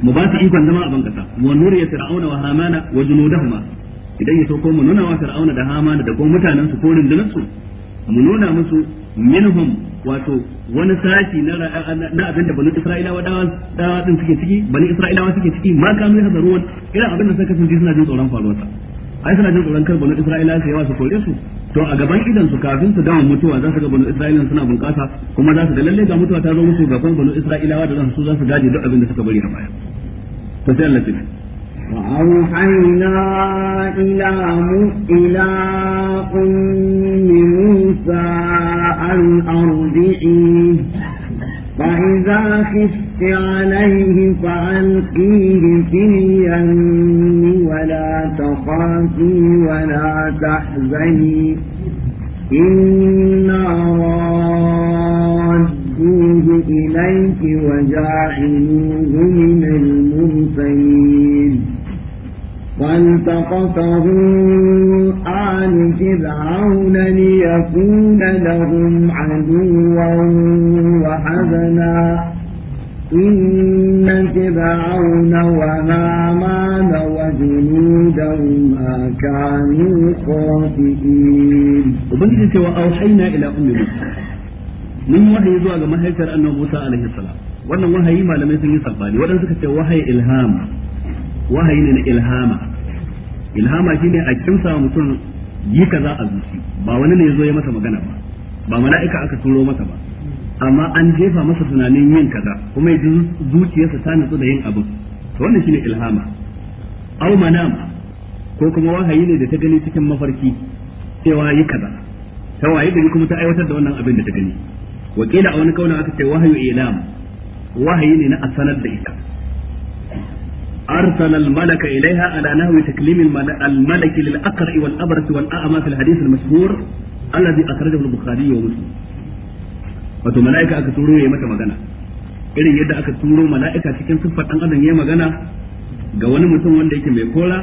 mu ba su ikon zama a bankasa nuri ya fir'auna wa hamana wa junudahuma idan ya sauko ko mu nuna wa fir'auna da hamana da ko mutanen su ko rundunar su mu nuna musu minhum wato wani sashi na na abin da bani isra'ilawa dawa dawa din suke ciki bani isra'ilawa suke ciki ma kanu ya zaruwan irin abin da suka kasance suna jin tsoron faruwar sa ai suna jin tsoron kar bani isra'ilawa su yawa su kore su to a gaban idan su kafin su dawo mutuwa za su ga bani isra'ilawa suna bunƙasa kuma za su ga lalle ga mutuwa ta zo musu ga kuma bani isra'ilawa da zan su za su gaje duk abin da suka bari a baya to sai Allah ya وأوحينا إلى إلى أم موسى أن أرضعيه فإذا خفت عليه فألقيه في اليم ولا تخافي ولا تحزني إنا ردوه إليك وجاعلوه من المرسلين فالتقطه آل فرعون ليكون لهم عدوا وحزنا إن فرعون وهامان وجنودهما كانوا خاطئين وبنجد سوى أوحينا إلى أم موسى من وحي زوى لما هيكر أن موسى عليه السلام wannan wahayi malamai sun yi sabani waɗanda suka ce wahayi ilham wahayi ne na ilhama ilhama shine a sa mutum yi kaza a zuci ba wani ne yazo ya masa magana ba ba mala'ika aka turo masa ba amma an jefa masa tunanin yin kaza kuma ya zuciyarsa ta nutsu da yin abin to wannan shine ilhama aw manam ko kuma wahayi ne da ta gani cikin mafarki cewa yi kaza ta waye gari kuma ta aiwatar da wannan abin da ta gani wakila a wani kauna aka ce wahayi ilam wahayi ne na asanar da ita أرسل الملك إليها على نحو تكليم الملك للأقرع والأبرص والأعمى في الحديث المشهور الذي أخرجه البخاري ومسلم wato mala'ika aka turo ya mata magana irin yadda aka turo mala'ika cikin siffar dan adam ya magana ga wani mutum wanda yake mai kora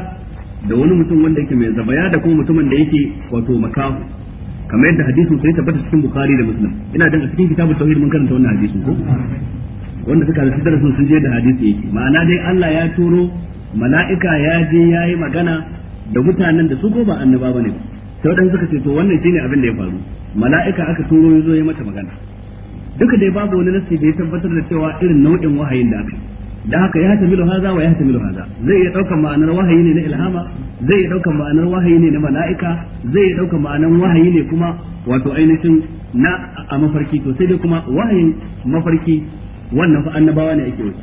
da wani mutum wanda yake mai zabaya da kuma mutumin da yake wato makahu kamar yadda hadisin sai tabbata cikin bukhari da muslim ina dan a cikin kitabu tauhid mun karanta wannan hadisin ko wanda suka halarci darasin sun je da hadisi yake ma'ana dai Allah ya turo mala'ika ya je ya yi magana da mutanen da su ko ba annaba ba ne sai waɗansu suka ce to wannan shine abin da ya faru mala'ika aka turo ya zo ya mata magana duka dai babu wani nasi da ya tabbatar da cewa irin nau'in wahayin da aka da haka ya tamilu haza wa ya haza zai iya ɗaukar ma'anar wahayi ne na ilhama zai iya ɗaukar ma'anar wahayi ne na mala'ika zai iya ɗaukar ma'anar wahayi ne kuma wato ainihin na a mafarki to sai dai kuma wahayin mafarki wannan fa annabawa ne ake wuce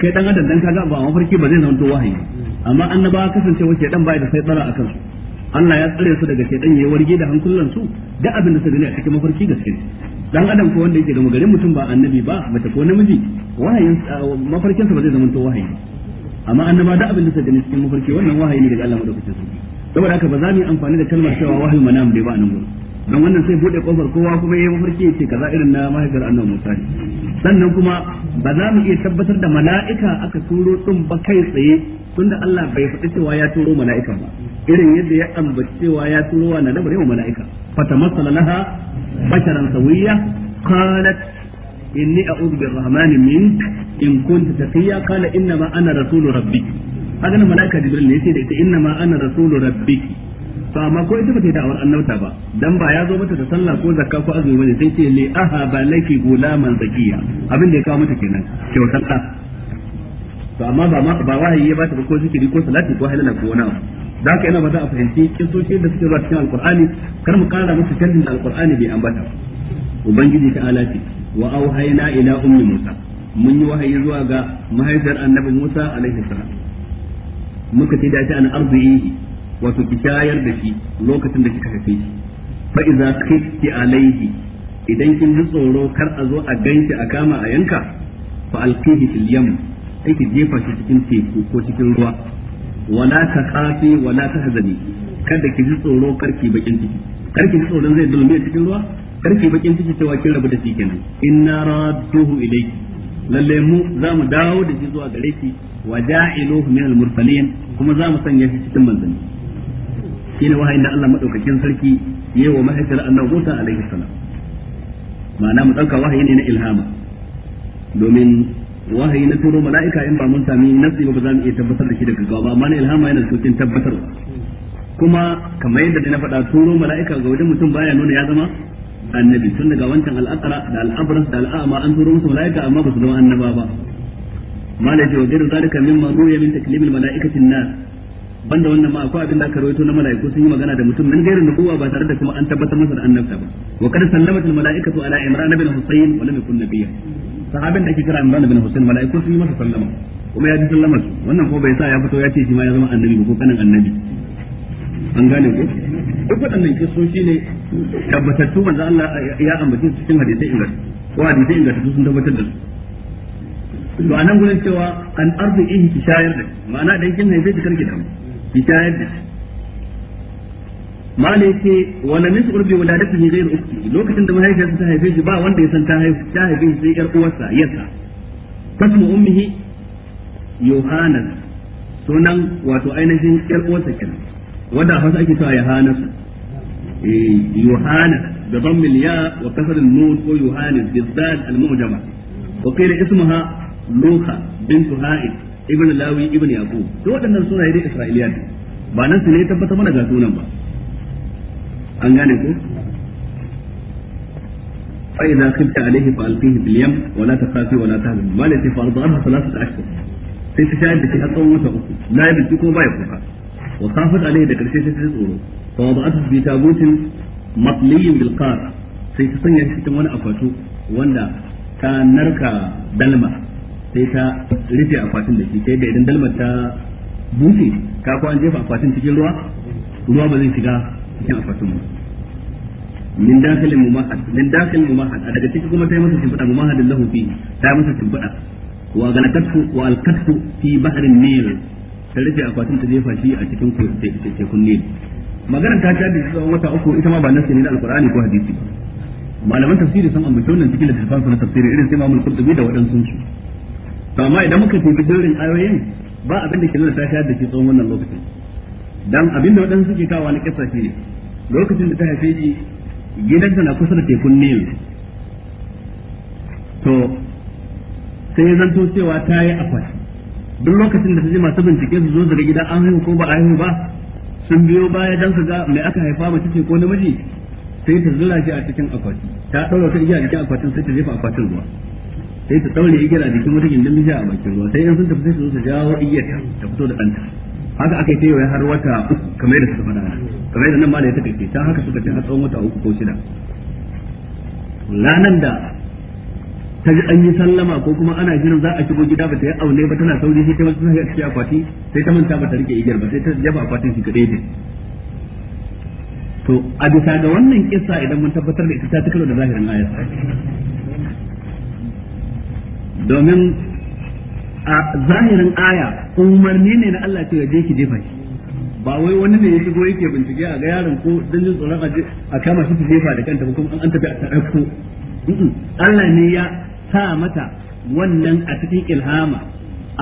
kai dan adam dan kaga ba mafarki ba zai zama to wahayi amma annabawa kasancewa shedan baya da sai tsara akan su Allah ya tsare su daga shedan ya warge da hankulan su da abin da su gani a cikin mafarki gaske dan adam ko wanda yake da magarin mutum ba annabi ba mace ko namiji wahayin mafarkinsa ba zai zama to wahayi amma annaba da abin da su gani cikin mafarki wannan wahayi ne daga Allah madaukakin sarki saboda haka ba za mu yi amfani da kalmar cewa wahayi manam bai ba nan gurin don wannan sai bude kofar kowa kuma yayi mafarki yace kaza irin na mahaifiyar annabi Musa sannan kuma ba za mu iya tabbatar da mala'ika aka turo din ba kai tsaye tunda Allah bai faɗi cewa ya turo mala'ika ba irin yadda ya ambaci cewa ya turo wa nadabar yawa mala'ika fatamassala laha basharan sawiyya qalat inni a'udhu birrahmani mink in kunta taqiya qala inna ma ana rasulu rabbik hadan mala'ika jibril ne yace da ita inna ma ana rasulu rabbiki to amma ko ita bata yi da'awar annabta ba dan ba ya zo mata da sallah ko zakka ko azumi bane sai ce li ba laki gulaman zakiya abin da ya kawo mata kenan kyautar ta to amma ba ma ba wahayi ya bata ba ko zikiri ko salati ko halala ko wani abu da haka ina ba za a fahimci kisoshi da suke zuwa cikin alqur'ani kar mu kara musu kallin da alqur'ani bai ambata ubangiji ta alati wa auhayna ila ummi musa mun yi wahayi zuwa ga mahaifiyar annabi musa alaihi salam muka ce da ta an arzihi wato ki shayar da shi lokacin da kika haife shi fa idza khifti alayhi idan kin ji tsoro kar a zo a ganki a kama a yanka fa alqihi fil yam sai ki jefa shi cikin teku ko cikin ruwa wala kafi wala hazani kada ki ji tsoro kar ki bakin ciki kar ki ji tsoron zai dulmiya cikin ruwa kar ki bakin ciki cewa kin rabu da shi kenan inna radduhu ilayhi lalle mu za mu dawo da shi zuwa gare ki wa ja'iluhu min al-mursalin kuma za mu sanya shi cikin manzanni shine wahayin da Allah madaukakin sarki yayi wa mahaifiyar annabi Musa alaihi salam ma'ana mu dauka wahayi ne na ilhama domin wahayi na turo mala'ika in ba mun sami nafsi ba za mu iya tabbatar da shi daga gaggawa ba amma na ilhama yana saukin tabbatar. kuma kamar yadda na faɗa turo mala'ika ga wajen mutum baya nuna ya zama annabi tun daga wancan al'aqra da al'abras da al'ama an turo musu mala'ika amma ba su zama annaba ba ma la yajwa ghayru zalika mimma ruya min taklimil mala'ikati an-nas banda wannan ma akwai abin da aka rawaito na mala'iku sun yi magana da mutum min gairin nubuwa ba tare da kuma an tabbatar masa da annabta ba wa kad sallamat al mala'ikatu ala imran ibn husayn wa lam yakun nabiyya sahabin da ake kira imran ibn husayn mala'iku sun yi masa sallama kuma ya ji sallama wannan ko bai sa ya fito ya ce shi ma ya zama annabi ko kanin annabi an gane ko duk waɗannan shi ne tabbatattu manzo Allah ya ambace su cikin hadisai ingat ko hadisai ingat sun tabbatar da su to anan gurin cewa an arzu ihi shayar da ma'ana dan kin ne zai karki da mu ya shayar da shi malai ce wala min urbi wuladatu hi ghayr ukhti lokacin da mahaifiyarsa ta haife shi ba wanda ya san ta haife ta haife shi sai yar uwarsa yasa kasmu ummihi yohanan sunan wato ainihin yar uwarsa kenan wanda hausa ake cewa yohanan eh yohanan da dammil ya wa kasr nun ko yohanan bizzal al-mu'jama wa qila ismuha luha bint ha'id ibn lawi ibn yaqub to waɗannan sunaye da isra'iliya ne ba nan su ne tabbata mana ga sunan ba an gane ko fa idza khifta alayhi fa alqihi bil yam wa la takhafi wa la tahzan ma la tafa arda anha ashhur sai ta shayar da shi har tsawon wata uku la ya biki ko baya kuka wa khafat alayhi da karshe sai ta tsoro fa wada'at bi tabutin matliyin bil qara sai ta sanya shi cikin wani akwato wanda ta narka dalma sai ta rufe akwatin da shi sai da idan dalmar ta bushe ka ko an jefa akwatin cikin ruwa ruwa ba zai shiga cikin akwatin ba min dakhil mumahad min dakhil mumahad a daga ciki kuma ta yi masa shimfiɗa mumahadin lahu fi ta yi masa shimfiɗa wa galakatu wa alkatu fi bahrin nil ta rufe akwatin ta jefa shi a cikin tekun nil maganar ta ta da tsawon wata uku ita ma ba nasi ne na alqur'ani ko hadisi malaman tafsiri sun ambaci wannan cikin littafin su na tafsiri irin sai Imam al da waɗansu su amma idan muka tafi jerin ayoyin ba abin da ke nuna ta shayar da shi tsawon wannan lokacin dan abin da waɗansu suke kawo na kissa shi lokacin da ta haife shi gidanta na kusa da tekun Nil to sai zan to cewa ta yi akwati duk lokacin da ta ji masu bincike su zo daga gida an haihu ko ba a haihu ba sun biyo baya dan su ga mai aka haifa mace ce ko namiji sai ta zura shi a cikin akwati ta ɗaura ta iya a jikin akwatin sai ta jefa akwatin zuwa sai ta daure igiyar a jikin wata gindin bishiya a bakin ruwa sai yan sun tafi su su jawo igiyar ta fito da ɗanta haka aka yi tayoyi har wata uku kamar yadda suka faɗa kamar da nan ma da ya ta ce ta haka suka ce har tsawon wata uku ko shida ranar da ta ji an yi sallama ko kuma ana jiran za a shigo gida ba ta yi aune ba tana sauri sai ta wasu sai cikin akwati sai ta manta ba ta rike igiyar ba sai ta jaba akwatin shi kaɗai ne to a bisa ga wannan kissa idan mun tabbatar da ita ta tukalo da zahirin ayat domin a zahirin aya umarni ne na Allah ce ya je ki jefa shi ba wai wani ne ya shigo yake bincike a ga yaron ko dan jin tsoron a kama shi ta jefa da kanta kuma an tafi a tare ko Allah ne ya sa mata wannan a cikin ilhama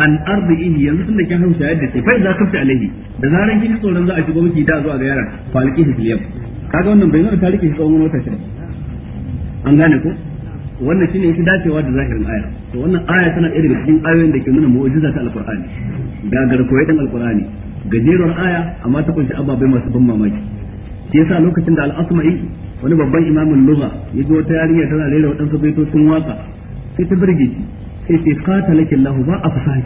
an arzihi yanzu tun da kin hausa yadda ce fai za ka fita alaihi da zaran kin tsoron za a shigo miki da zuwa ga yaron falki shi filiyam kaga wannan bai nuna tarihi shi tsawon wata shi an gane ko wannan shine yake dacewa da zahirin aya to wannan aya tana ɗaya daga cikin ayoyin da ke nuna mu'jiza ta alqur'ani da garkoyi dan alqur'ani gajeruwar aya amma ta kunshi ababai masu ban mamaki shi yasa lokacin da al-asma'i wani babban imamin lugha ya ga wata yarinya tana rera waɗansu baitocin waka sai ta birge shi sai ce qatalaka Allah ba a fasahi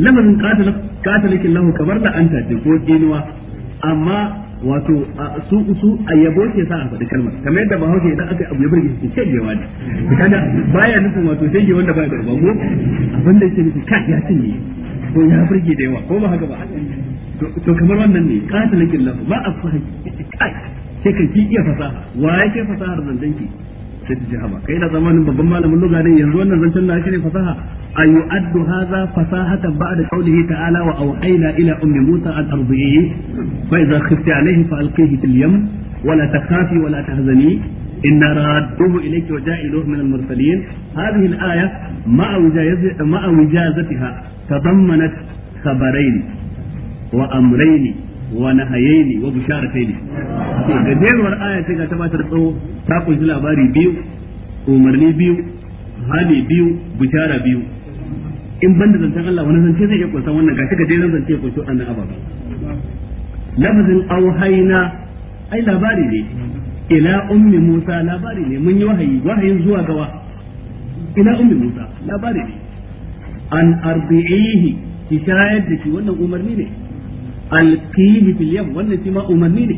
lamarin qatalaka Allah kamar da anta ce ko kinuwa amma wato su su a yabo ke sa a faɗi kalmar kamar yadda bahaushe idan aka abu ya burge shi ke gewa ne kada baya nufin wato sai gewan da baya da ubango abin da yake nufi kai ya cinye ko ya burge da yawa ko ba haka ba to kamar wannan ne qatilakin lafu ba a fahi kai sai kan ki iya fasaha wa yake fasahar danki. sai ta ce haba kai da zamanin babban malamin lugha ne yanzu wannan zancen na shi ne fasaha ayu'addu hadha fasahatan ba'da qawlihi ta'ala wa awhayna ila ummi musa an ardihi fa idza khifti alayhi fa alqihi fil yam wa la takhafi wa la tahzani إن رادوه إليك وجائلوه من المرسلين هذه الآية مع مع وجازتها تضمنت خبرين وأمرين ونهيين وبشارتين gajeruwar aya ce ga ta ba ta tsawo ta kunshi labari biyu umarni biyu hali biyu bishara biyu in banda zancen Allah wani zance zai iya kunsan wannan gashi ka jerin zance ya kunshi wannan ababen lafazin auhaina ai labari ne ila ummi Musa labari ne mun yi wahayi wahayin zuwa gawa ila ummi Musa labari ne an arbi'ihi ki shayar da shi wannan umarni ne alqihi fil yam wannan shi ma umarni ne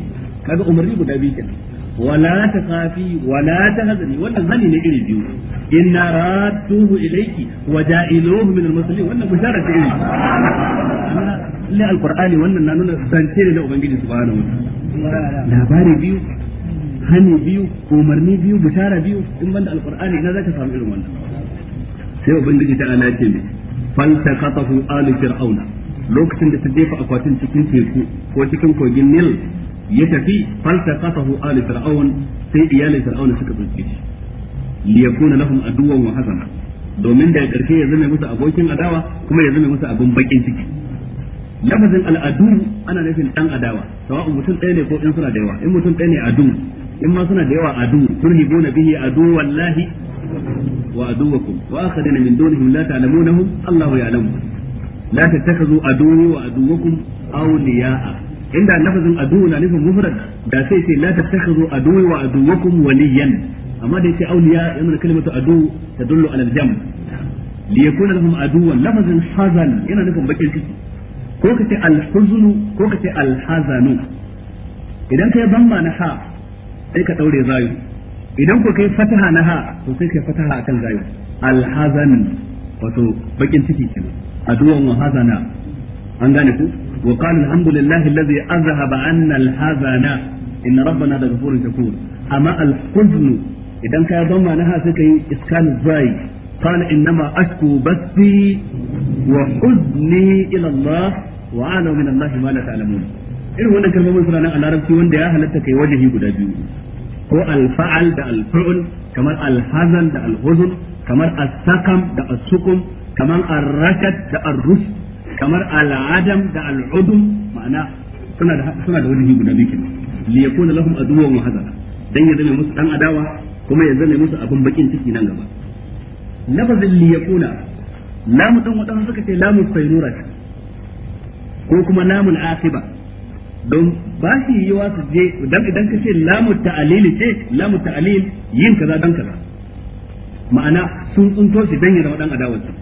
kaga umarni guda biyu kenan wala ta kafi wala ta hazari wannan hani ne iri biyu inna ratuhu ilayki wa ja'iluhu min wannan bishara ta iri lalle alqur'ani wannan na nuna zance ne na ubangiji subhanahu wa ta'ala biyu hani biyu umarni biyu bishara biyu in banda alqur'ani ina zaka samu irin wannan sai ubangiji ta ala ce faltaqatahu alu fir'auna lokacin da ta jefa akwatin cikin teku ko cikin kogin nil ya tafi faltaqatahu ali fir'aun sai iyalin fir'aun suka tsince shi li yakuna lahum aduwwan wa hazana domin da karshe ya zama musu abokin adawa kuma ya zama musu abun bakin ciki lafazin al'adu ana nufin dan adawa Sawa mutum ɗaya ne ko in suna da yawa in mutum ɗaya ne adu in ma suna da yawa adu turhibuna bihi adu wallahi wa aduwakum wa akharina min dunihim la ta'lamunahum Allahu ya'lamu la tattakhadhu aduwwi wa aduwakum awliya'a inda lafazin adu'u na nufin mufrad da sai ce la tattakhidhu aduwwa wa aduwwakum waliyan amma da yace auliya yana da kalmatu adu tadullu ala al-jam li yakuna lahum aduwwan lafazin yana nufin bakin ciki ko kace al ko kace al idan kai bamma na ha sai ka daure zayu idan ko kai fataha na ha to kai fataha wato bakin ciki kenan aduwwan hazana an gane ku wa qala alhamdulillahi alladhi azhaba anna alhazana inna rabbana laghafurun shakur amma alhuzn idan ka ban ma na ha sai kai iskan zai qala innama ashku basi wa huzni ila Allah wa ana min Allah ma la ta'lamun irin wannan kalmomin suna nan a larabci wanda ya halatta kai wajahi guda biyu ko alfa'al da alfu'ul kamar alhazan da alhuzun kamar as-sakam da as-sukum kamar ar-rakat da ar-rusd kamar al'adam da al'udum ma'ana suna da suna da guda biyu kenan li yakuna lahum aduwwan wa hazara dan ya zame musu dan adawa kuma ya zame musu abin bakin ciki nan gaba lafazin li yakuna lamu dan ce ko kuma don ba shi yiwa su je dan idan ka ce lamu ta'alil ce lamu ta'alil yin kaza dan kaza ma'ana sun tsunto shi dan ya zama dan adawarsa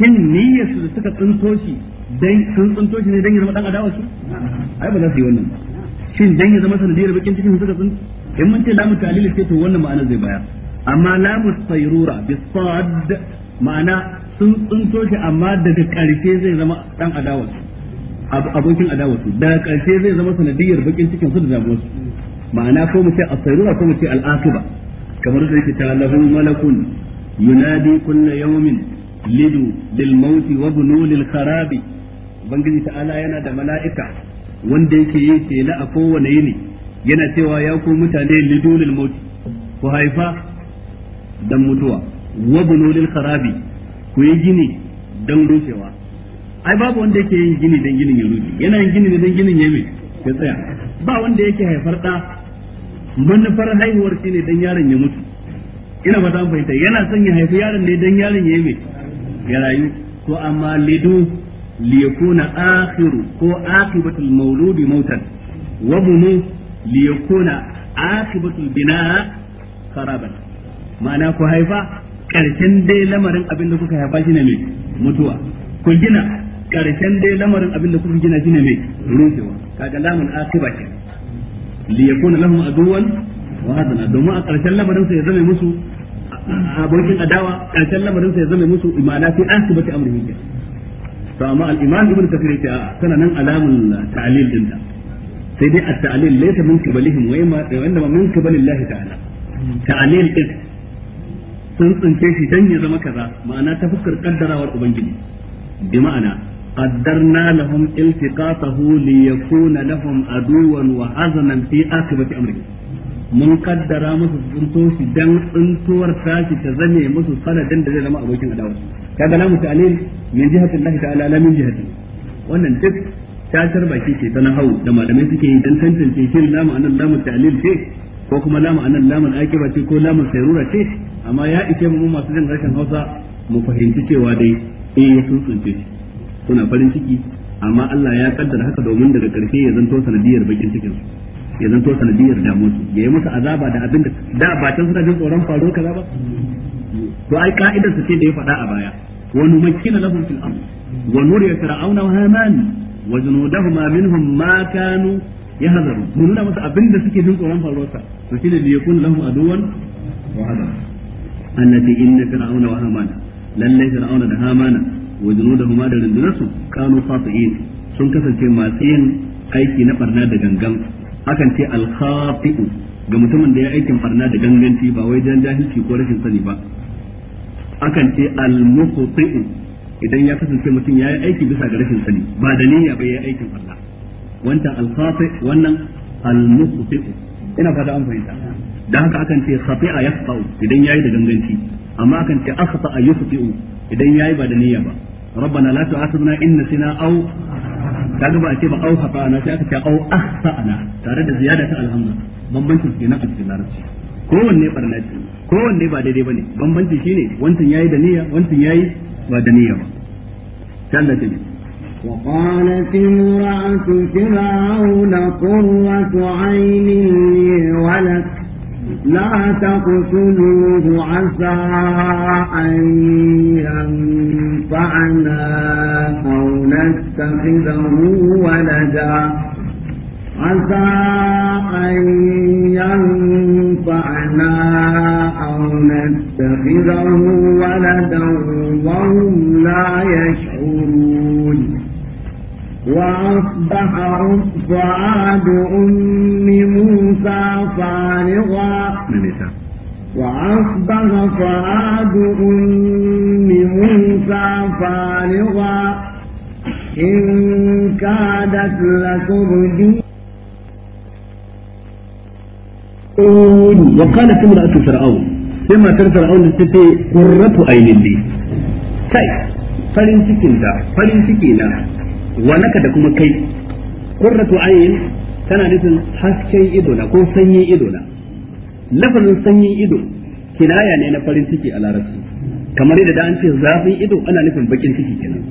shin niyyar su suka tsunto shi dan sun tsunto shi ne dan ya zama dan adawa su ai ba za su yi wannan ba shin dan ya zama sanadiyar bakin cikin suka tsunto in mun ce lamu talil sai to wannan ma'ana zai baya amma lamu sayrura bi ma'ana sun tsunto shi amma daga karshe zai zama dan adawa su abokin adawa su daga karshe zai zama sanadiyar bakin cikin su da zabo su ma'ana ko mu ce asayrura ko mu ce al-aqiba kamar da yake ta lahu malakun yunadi kullu yawmin lidu lil mauti wa bunu lil kharabi ubangiji ta'ala yana da mala'ika wanda yake yi tela a kowane yini yana cewa ya ku mutane lidulil maut ku haifa dan mutuwa wa bunulil kharabi ku yi gini dan rushewa ai babu wanda yake yin gini dan ginin ya rushe yana yin gini ne dan ginin ya mai ya tsaya ba wanda yake haifar da manufar haihuwar shine dan yaron ya mutu ina ba mu fahimta yana son ya haifi yaron ne dan yaron ya mai ya rayu to amma lidu ليكون آخر هو عاقبة المولود موتا وابنه ليكون عاقبة البناء خرابا معناه كهيفا karshen dai lamarin abin da kuka haifa shine mai mutuwa ku gina karshen dai lamarin abin da kuka gina shine mai kaga lamun akiba ke li yakuna lahum aduwan wa hadana domin a karshen lamarin sa ya zame musu abokin adawa karshen lamarin ya zame musu imana to amma al-imam ibn kathir yace a nan alamun ta'lil din da sai dai at-ta'lil laysa min qibalihim wa ma inda ma min qibalillahi ta'ala ta'lil din sun tsince shi dan ya zama kaza ma'ana ta fuskar kaddarawar ubangiji bi ma'ana قدرنا لهم التقاطه ليكون لهم عدوا وحزنا في عاقبة أمرهم mun kaddara musu tsinto shi dan tsintuwar tashi ta zame musu sanadin da zai zama abokin adawa kaga lamu ta'lil min jihati Allah ta'ala la min jihati wannan duk tashar baki ce ta nahau da malamai suke yi dan tantance shin lamu anan lamu ta'lil ce ko kuma lamu anan lamu akiba ce ko lamu sayrura ce amma ya ike mu masu jin rashin Hausa mu fahimci cewa dai eh sun tsunce suna farin ciki amma Allah ya kaddara haka domin daga karshe ya zanto sanadiyar bakin cikin ya zanto sanadiyar damuwarsu ya yi musu azaba da abin da da ba can suna jin tsoron faruwa kaza ba to ai ka'idar su ce da ya faɗa a baya wa numakkina lahum fil ard wa nuriya fir'auna wa haman wa junudahuma minhum ma kanu yahzarun mun nuna musu abinda suke jin tsoron faruwarsa to shine da yakun lahum aduwan wa hadar annabi inna fir'auna wa hamana lalle fir'auna da hamana wa junudahuma da rundunarsu kanu fasiin sun kasance masu yin aiki na barna da gangan akan ce al-khati'u ga mutumin da ya aikin barna da ganganci ba wai jan jahilci ko rashin sani ba akan ce al-mukhti'u idan ya kasance mutum ya yi aiki bisa ga rashin sani ba da niyya ba ya yi aikin Allah wancan al-khati wannan al-mukhti'u ina fata an fahimta dan haka akan ce khati'a yaqta'u idan yayi da ganganci amma akan ce akhta'a yusfi'u idan yayi ba da niyya ba ربنا لا تؤاخذنا ان نسينا او kaga ba a ce ba au hafa'ana sai aka ce au ahsa'ana tare da ziyada ta alhamdu bambancin kenan a cikin larabci kowanne barna ce kowanne ba daidai bane bambanci shine wancan yayi da niyya wancan yayi ba da niyya ba sallah ta وقالت امرأة فرعون قرة عين لي ولك لا تقتلوه عسى أن ينفعنا أو نتخذه ولدا عسى أن ينفعنا أو نتخذه ولدا وهم لا يشعرون وأصبح فؤاد أم موسى فارغا وأصبح فؤاد أم موسى فارغا إن كادت لتبدي قولوا وقالت امرأة فرعون sai matar fir'aun ta ce qurratu ainin li kai farin cikin da farin ciki na wa naka da kuma kai qurratu ainin tana nufin hasken ido na ko sanyin ido na lafazin sanyin ido kinaya ne na farin ciki a larabci kamar yadda da an ce zafin ido ana nufin bakin ciki kenan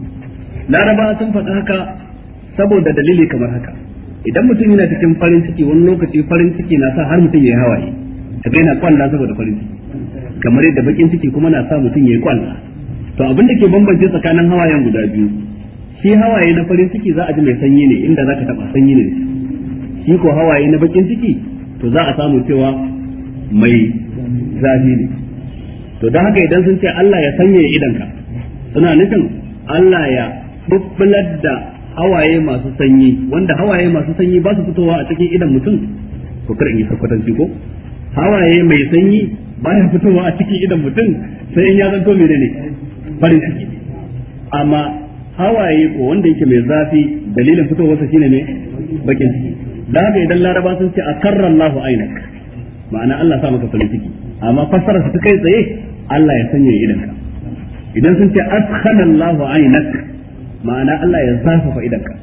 laraba sun faɗa haka saboda dalili kamar haka idan mutum yana cikin farin ciki wani lokaci farin ciki na sa har mutum ya yi hawaye kaga yana kwalla saboda farin ciki kamar yadda bakin ciki kuma na sa mutum ya yi kwalla to abin da ke bambance tsakanin hawayen guda biyu shi hawaye na farin ciki za a ji mai sanyi ne inda za ka taba sanyi ne shi ko hawaye na bakin ciki to za a samu cewa mai zafi ne to don haka idan sun ce Allah ya sanya idanka suna nufin Allah ya bubbular da hawaye masu sanyi wanda hawaye masu sanyi ba su fitowa a cikin idan mutum ko kar in yi sakwatanci ko hawaye mai sanyi ba ya fitowa a cikin idan mutum sai in ya zanto menene farin ciki amma hawaye ko wanda yake mai zafi dalilin sa shine ne bakin ciki da haka idan laraba sun ce akarra Allahu ainak ma'ana Allah sa maka farin ciki amma fassarar ta kai tsaye Allah ya sanya ka. idan sun ce askhana Allahu ainak ma'ana Allah ya zafafa idanka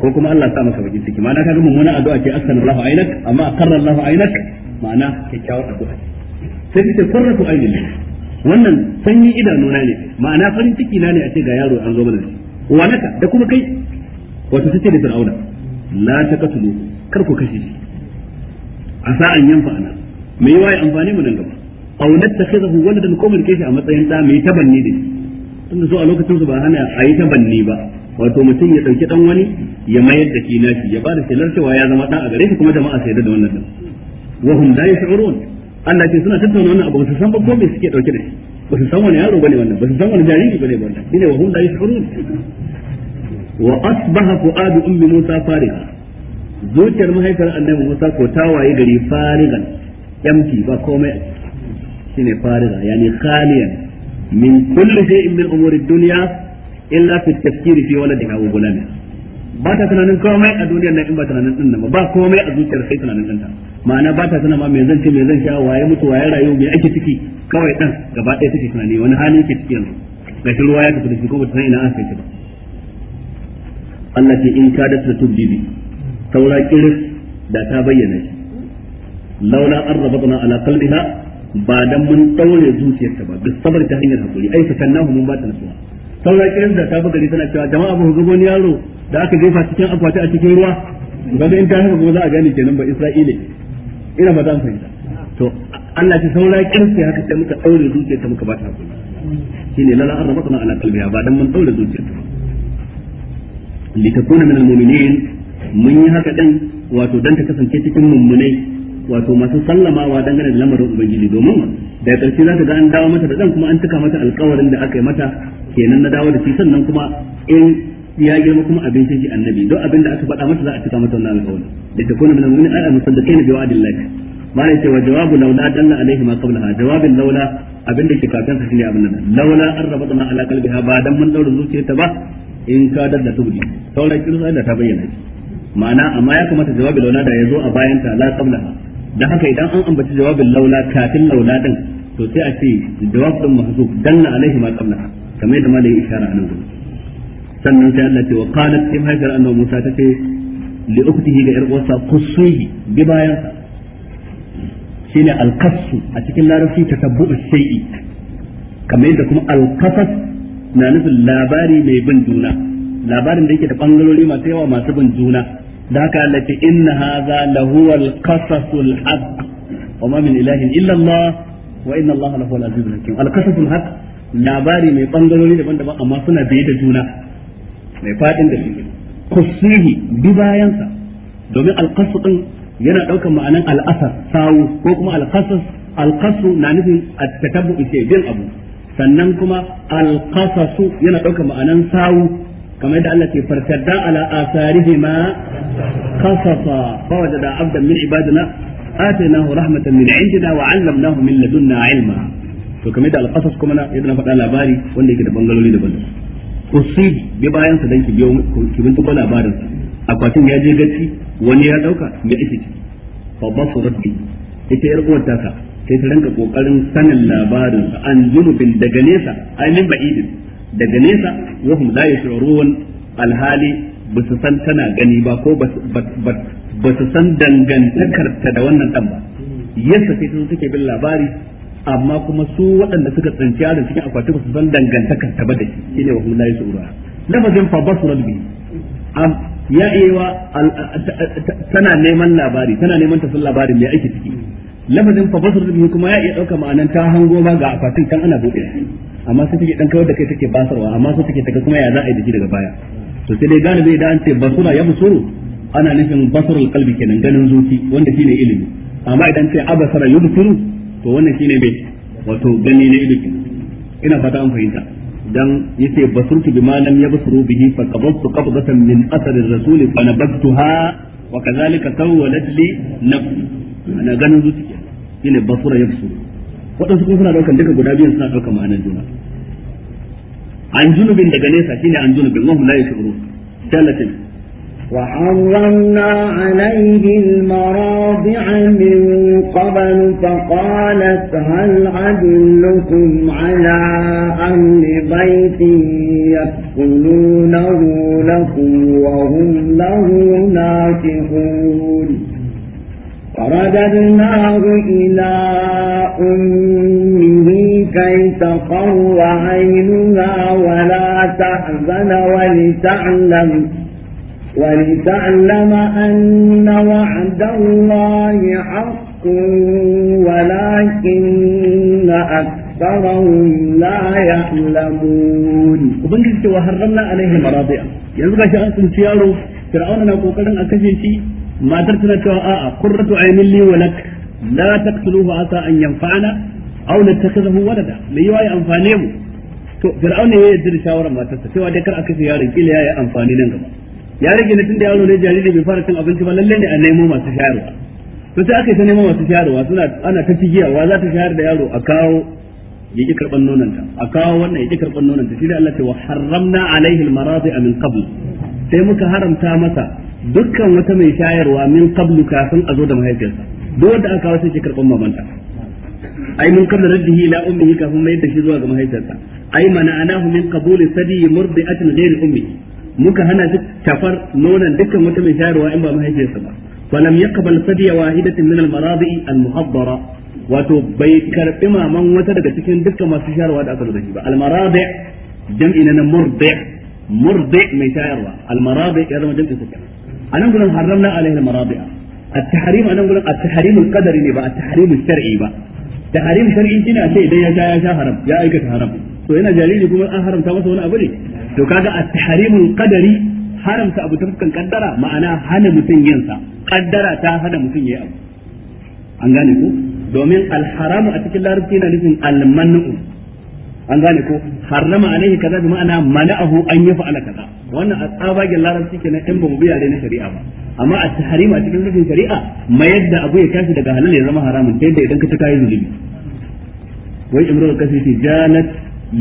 ko kuma Allah sa maka bakin ciki ma'ana kaga mummuna addu'a ce akan Allahu ainak amma akarra Allahu ainak ma'ana kyakkyawar addu'a sai kace qurratu aynin wannan sanyi sanyin na ne ma'ana farin ciki na ne a ce ga yaro an zo mana shi wanaka da kuma kai wato sace da fir'auna la taqtulu kar ku kashe shi asa an yanfa ana me yi yayi amfani mu nan gaba aw nattakhizahu waladan ko mun kashe a matsayin da me tabanni da shi tunda so a lokacin su ba hana a yi ta banni ba wato mutum ya dauki dan wani ya mayar da kina shi ya da shelar cewa ya zama dan a gare shi kuma jama'a sai da wannan din wa hum la yash'urun Allah ce suna tattauna wannan abu su san ba ko me suke dauke da shi ba su san wani yaro bane wannan ba su san wani jariri bane wannan shine wa hum la yash'urun wa asbaha fuadu ummi musa fariga zuciyar mahaifar annabi musa ko tawaye gari farigan yamki ba komai shine fariga yani khaliyan min kulli shay'in min umuri dunya illa fi tafkiri fi waladiha wa gulamiha ba ta tunanin komai a duniyar nan in ba tunanin din nan ba komai a zuciyar sai tunanin din ta ma'ana ba ta tunanin ma me zan ce me zan sha waye mutu waye rayu me ake ciki kawai dan gaba ɗaya take tunani wani hali ke ciki yanzu ga shi ruwa ya tafi da shi ko ba san ina an kai shi ba Allah ce in ka kadat la tubdibi saura kiris da ta bayyana shi laula an rabatna ala qalbiha ba dan mun daure zuciyarta ba duk sabar ta hanyar hakuri ai fatannahu mun ba ta nasuwa saura kiran da ta bugari tana cewa jama'a ba ku wani yaro da aka jefa cikin akwati a cikin ruwa ga in ta haka kuma za a gane kenan ba Isra'ila ina ba zan fahimta to Allah ta saura kiran sai haka sai muka daure zuciyarta muka ba ta hakuri shine lalla an rabatna ala qalbi ba dan mun daure zuciyarta litakuna min almu'minin mun yi haka dan wato dan ta kasance cikin mummunai wato masu sallamawa dangane da lamarin ubangiji domin da ya karshe za ka ga an dawo mata da dan kuma an tuka mata alƙawarin da aka yi mata kenan na dawo da shi sannan kuma in ya girma kuma abin shi annabi don abin da aka faɗa mata za a tuka mata wannan alkawarin da ta kuna min mu'min ala biyu adin lafi mala yace wa jawabu laula na alaihi ma ha, jawabin laula abin da ke kafin sa ne abin nan laula an rabatna ala biya ba dan mun daura zuciyarta ba in ka ta tubdi sauran kirsa da ta bayyana shi ma'ana amma ya kamata jawabi launa da ya zo a bayanta la qablaha da haka idan an ambaci jawabin laula kafin laula din to sai a ce jawab din mahzuf danna alaihi ma qabla kamar yadda malai isharar nan gudu sannan sai Allah ce wa qalat sai mahaifiyar annabi Musa ta ce li ukhtihi ga irwasa qusihi bi bayan shine alqassu a cikin larabci tatabbu'u shay'i kamar yadda kuma alqasas na nufin labari mai bin juna labarin da yake da bangarori masu yawa masu bin juna da haka Allah ce inna hadha lahuwal qasasul haqq wa ma min ilahin illa Allah wa inna Allah lahuwal azizul hakim al qasasul haqq labari mai bangarori daban-daban amma suna biye da juna mai fadin da shi kusuhi bi bayan sa. domin al qasu din yana daukar ma'anan al asar sawu ko kuma al qasas al qasu na nufin at tatabbu bin abu sannan kuma al qasasu yana daukar ma'anan sawu kamar da Allah ke farkadda ala asarihima khasafa fa wajada abdan min ibadina atainahu rahmatan min indina wa 'allamnahu min ladunna ilma to kamar yadda al-qasas kuma na yadda na faɗa labari wanda yake da bangaloli daban-daban usib bi bayan sa dan ki biyo ki bin tuba labarin akwatin ya je gaci wani ya dauka ya ake ciki fa basu rabbi ita yar uwar sai ta rinka kokarin sanin labarin sa an junubin daga nesa ai min ba'idin daga nesa wahum la yashurun alhali ba su san tana gani ba ko ba su san dangantakar ta da wannan dan ba yasa sai ta take bin labari amma kuma su waɗanda suka tsinci yaron cikin akwati ba su san dangantakar ta ba da shi shine wahum la yashurun lafazin fa basurat bi ya iya tana neman labari tana neman ta san labarin me aiki ciki lafazin fa basurat bi kuma ya iya dauka ma'anan ta hango ma ga akwatin kan ana buɗe amma sai take dan kawar da kai take basarwa amma sai take taka kuma ya za a yi da shi daga baya to sai dai galibi idan an ce basura ya busuru ana nufin basarul qalbi kenan ganin zuci wanda shine ilimi amma idan ce abasara yubsiru to wannan shine bai wato gani na ido ina fata an fahimta dan yace basurtu bima lam yabsuru bihi fa qabadtu qabdatan min athari ar-rasul fa nabadtuha wa kadhalika sawwalat li nafsi ana ganin zuci kenan shine basura yabsuru waɗansu kuma suna ɗaukan duka guda biyun suna ɗaukan ma'anar juna an junubin daga nesa shine an junubin wahum la yashuru dalatin وحرمنا min qabl fa قبل hal adullukum ala ahli bayti بيت يأكلونه wa hum lahu ناكحون فرددناه إلى أمه كي تقر عينها ولا تحزن ولتعلم ولتعلم أن وعد الله حق ولكن أكثرهم لا يعلمون وبنجد وحرمنا عليه مراضيع يزغى شغلكم سيارو فرعون أنا قوقلا أكشي matar tana cewa a'a qurratu aynin li wa lak la taqtuluhu asa an yanfa'ana aw natakhazahu walada me yawa ya amfane mu to fir'aun ne ya yarda da shawarar matarsa cewa dai kar a kashe yaron kila yayi amfani nan gaba ya rage na tunda yaro ne jariri bai fara cin abinci ba lalle ne a nemo masu shayarwa to sai aka yi ta nemo masu shayarwa suna ana ta tigiyawa za ta shayar da yaro a kawo ya ki karban nonanta a kawo wannan ya ki karban nonanta shi ne Allah ce wa harramna alaihi almaradi min qabl sai muka haramta masa dukkan wata mai shayarwa min qablu kafin a zo da mahaifiyarsa duk wanda aka kawo sai shi karban mamanta ai mun kabla raddihi ila ummihi kafin mai da shi zuwa ga mahaifiyarsa ai mana anahu min qabuli sadi murdi'atin ghairi ummi muka hana shi tafar nonan dukkan wata mai shayarwa in ba mahaifiyarsa ba falam yaqbal sadiya wahidatin min al-maradi al-muhaddara wato bai karbi maman wata daga cikin dukkan masu shayarwa da aka zo da shi ba al-maradi jam'i na murdi murdi mai shayarwa al-maradi ya zama jam'in sa anan gurin haramna alaihi maradi'a at-tahrim anan gurin at-tahrim al-qadari ne ba at-tahrim al-shar'i ba tahrim shar'i shine a ce idan ya sha ya sha haram ya aikata haram to yana jariri kuma an haramta masa wani abu ne to kaga at-tahrim al-qadari haramta abu ta fuskan kaddara ma'ana hana mutum yin sa kaddara ta hana mutum yayi abu an gane ku domin al-haramu a cikin larabci yana nufin al-man'u an gane ko harrama alaihi kaza bi ma'ana mana'ahu an ala kaza wannan a tsabagen larabci kenan in ba mu biya dai na shari'a ba amma a tahrim a cikin rufin shari'a mayar da abu ya tashi daga halal ya zama haramun sai da idan ka ta kai zulubi wai imru kasi fi janat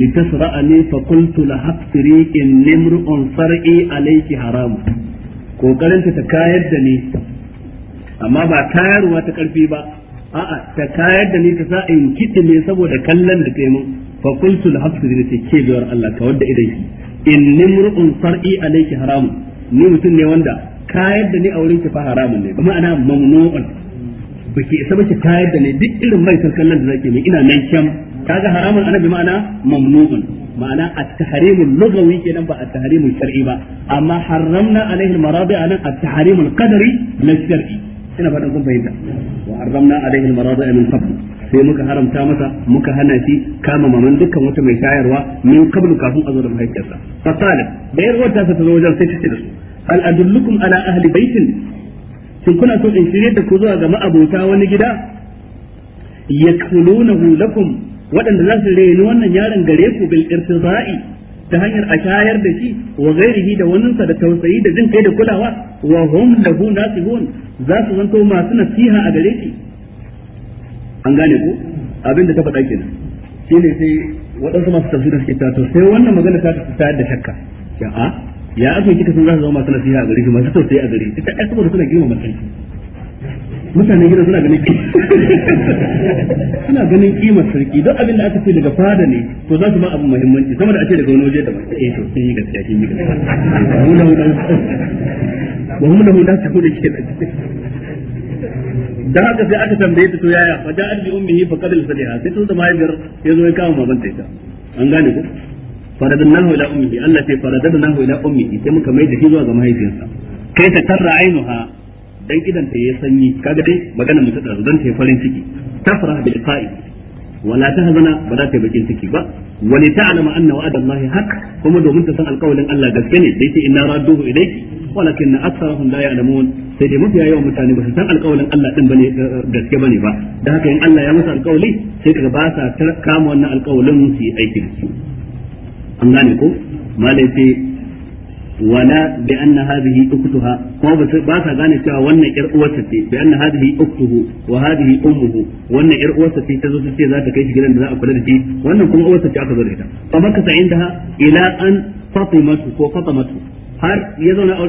litasra'ani fa qultu la haqtiri in nimru'un sar'i alayki haram kokarin ta kayar da ni amma ba tayarwa ta karfi ba a'a ta kayar da ni ta sa in kidime saboda kallon da kai mun fa qultu li hafsi ne ce ke biyar Allah ka wadda idan shi inni mur'un sar'i alayki haramun ni mutum ne wanda kayar da ni a wurin ki fa haramun ne kuma ana mamnu'un baki isa bace kayar da ni duk irin mai sarkan nan da zake mai ina nan kyam kaga haramun ana bi ma'ana mamnu'un ma'ana at-tahrim al-lughawi kenan ba at-tahrim al-shar'i ba amma haramna alaihi al-maradi anan at-tahrim al-qadari na shar'i ina fatan kun fahimta wa haramna alaihi al-maradi min qabl sai muka haramta masa muka hana shi kama maman dukkan wata mai shayarwa min qablu kafin a zo da mahaifiyarsa fa qala da yar wata ta zo wajen sai ta ce da su al adullukum ala ahli baitin shin kuna so in shirye da ku zuwa ga ma'abota wani gida yakulunahu lakum waɗanda za su reni wannan yaron gare ku bil irtizai ta hanyar a shayar da shi wa gairihi da waninsa da tausayi da jin kai da kulawa wa hum lahu nasihun za su zanto masu nasiha a gare shi an gane ko abinda ta faɗa kenan ne sai waɗansu masu tafsirin suke cewa to sai wannan magana ta ta da shakka ya a ah, ya ake kika sun za su zama masu nasiha a gari shi masu tausayi a gari ita ai saboda suna girma mutunci mutanen gidan suna ganin suna ganin kimar sarki don abin da aka ce daga fada ne to za su ma abu muhimmanci sama da ake daga wani waje da ba eh to sun yi gaskiya sun yi gaskiya mu da mu da mu da su da da haka sai aka tambaye ta to yaya fa ja'at bi ummihi fa qad a fadiha sai tun da mahaifiyar ya zo ya kama baban ta an gane ko ila ummihi Allah sai ila ummihi sai muka mai da shi zuwa ga mahaifiyarsa kai ta tarra ainuha dan idan ta sanyi kaga dai magana mu ta dan ta farin ciki tafra bil Walata tahzana ba za ta bakin ciki ba wali ta'lama anna wa'ada Allah haq kuma domin ta san alƙawarin Allah gaske ne dai ce inna radduhu ilayki walakin na la ya'lamun sai dai mafiya yawan mutane ba su san alƙawarin Allah din bane eh, eh, gaske ne ba da haka in Allah ya masa alƙawari sai ka kaga ba sa kama wannan alƙawarin su yi aiki da su an gane ko wala bi gane cewa wannan yar uwarsa ce bi anna hadhihi uktuhu wa hadhihi za ta kai shi gidan a kula da shi auren da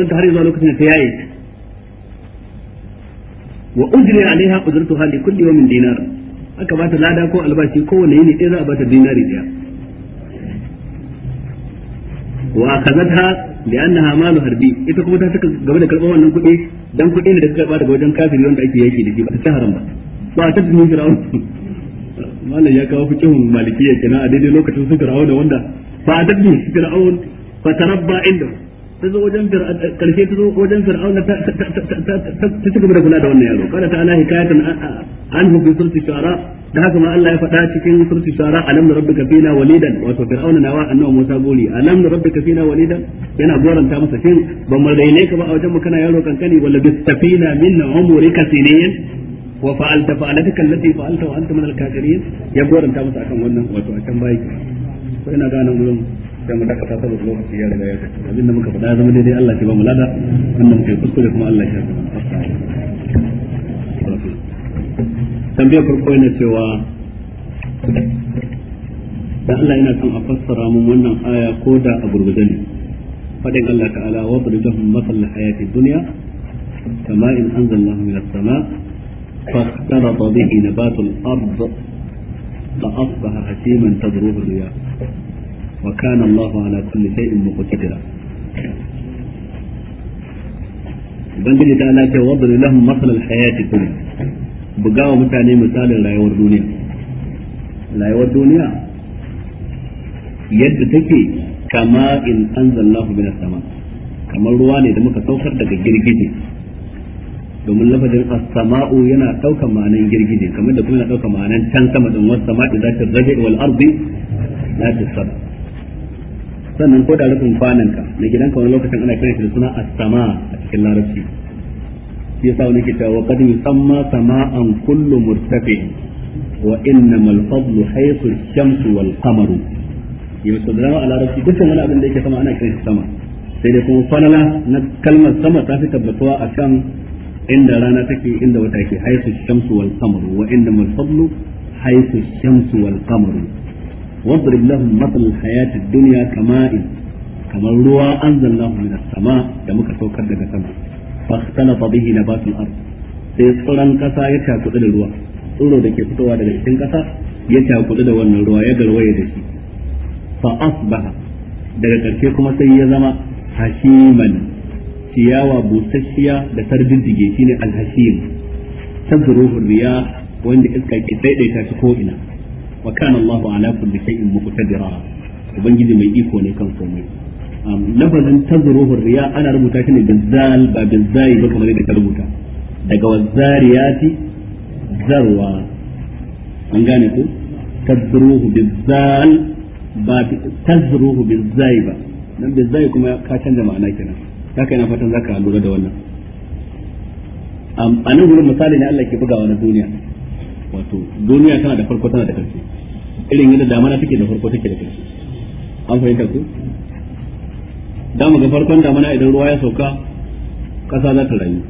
ta wa alaiha aka bata lada ko za bata dinari daya da yana hamalu harbi ita kuma ta saka gaba da karɓar wannan kuɗi dan kuɗi ne da suka karɓa daga wajen kafiri wanda ake yaki da shi ba ta haram ba ba ta tuni fir'aun malam ya kawo fikihun malikiyya kenan a daidai lokacin su da wanda ba fa dabbi fir'aun fa tarabba inda ta zo wajen karshe ta zo wajen fir'auna ta ci gaba da kula da wannan yaro kada ta ala hikayatan an hukun surti shara da haka ma Allah ya faɗa cikin surti shara alam rabbika fina walidan wato fir'auna nawa annabi Musa goli alam rabbika fina walidan yana goranta masa shin ban mu daine ka ba a wajen mu kana yaro kankani wala tafina min umrika sinin wa fa'alta fa'alataka allati fa'alta wa anta min al-kafirin ya goranta masa akan wannan wato a can bayi ko ina gane gurin sai mu dakata saboda lokaci ya riga ya kace abinda muka faɗa zama daidai Allah ya ba mu lada wannan muke kuskure kuma Allah ya tambayar farko yana cewa da Allah yana son a fassara mun wannan aya ko da a gurgurde ne fadin Allah ta'ala wa burijahum masal hayati dunya kama in anzalnahu min as-sama' فاختلط به نبات الأرض فأصبح هشيما تذروه الرياح wa kana Allahu ala kulli shay'in muqtadira ubangiji ta ala ce wadda lahum masalan hayati dunya bugawa mutane misalin rayuwar duniya rayuwar duniya yadda take kama in anzalnahu min sama kamar ruwa ne da muka saukar daga girgije domin lafazin a samau yana daukar ma'anan girgije kamar da kuma yana daukar ma'anan can sama din wasu sama'i zati rabi wal ardi la tasab sannan ko da rufin kwananka na gidanka wani lokacin ana kiran shi da suna as-sama a cikin larabci shi yasa wani ke cewa qad yusamma sama'an kullu murtafi wa innama al-fadlu haythu ash-shamsu wal qamaru yau da dama a larabci dukkan wani abin da yake sama ana kiran shi sama sai dai kuma falala na kalmar sama ta fi tabbatuwa a kan inda rana take inda wata ke haythu ash-shamsu wal qamaru wa innama al-fadlu haythu ash-shamsu wal qamaru واضرب لهم مثل الحياة الدنيا كماء كما روى أنزلناه من السماء دمك سوكر دك سماء فاختلط به نبات الأرض سيصرا كسا يتعقد الروا tsoro da ke fitowa daga cikin ƙasa ya cakuɗu da wannan ruwa ya garwaye da shi fa asbaha daga ƙarshe kuma sai ya zama hashiman ciyawa busasshiya da tardiddige shine alhashim tabruhu riya wanda iska ke daidaita shi ko ina wa kana Allahu ala kulli shay'in muqtadira ubangiji mai iko ne kan komai lafazin tazruhu riya ana rubuta shi ne da ba da ba kamar yadda ka rubuta daga wazariyati zarwa an gane ko tazruhu bizal ba tazruhu bizai ba dan bizai kuma ka canza ma'ana kenan haka ina fatan zaka lura da wannan a nan gurin misali ne Allah ke bugawa na duniya wato duniya tana da farko tana da karshe irin yadda damana take da farko take da karshe an fahimta ku dama ga farkon damana idan ruwa ya sauka kasa za ta rayu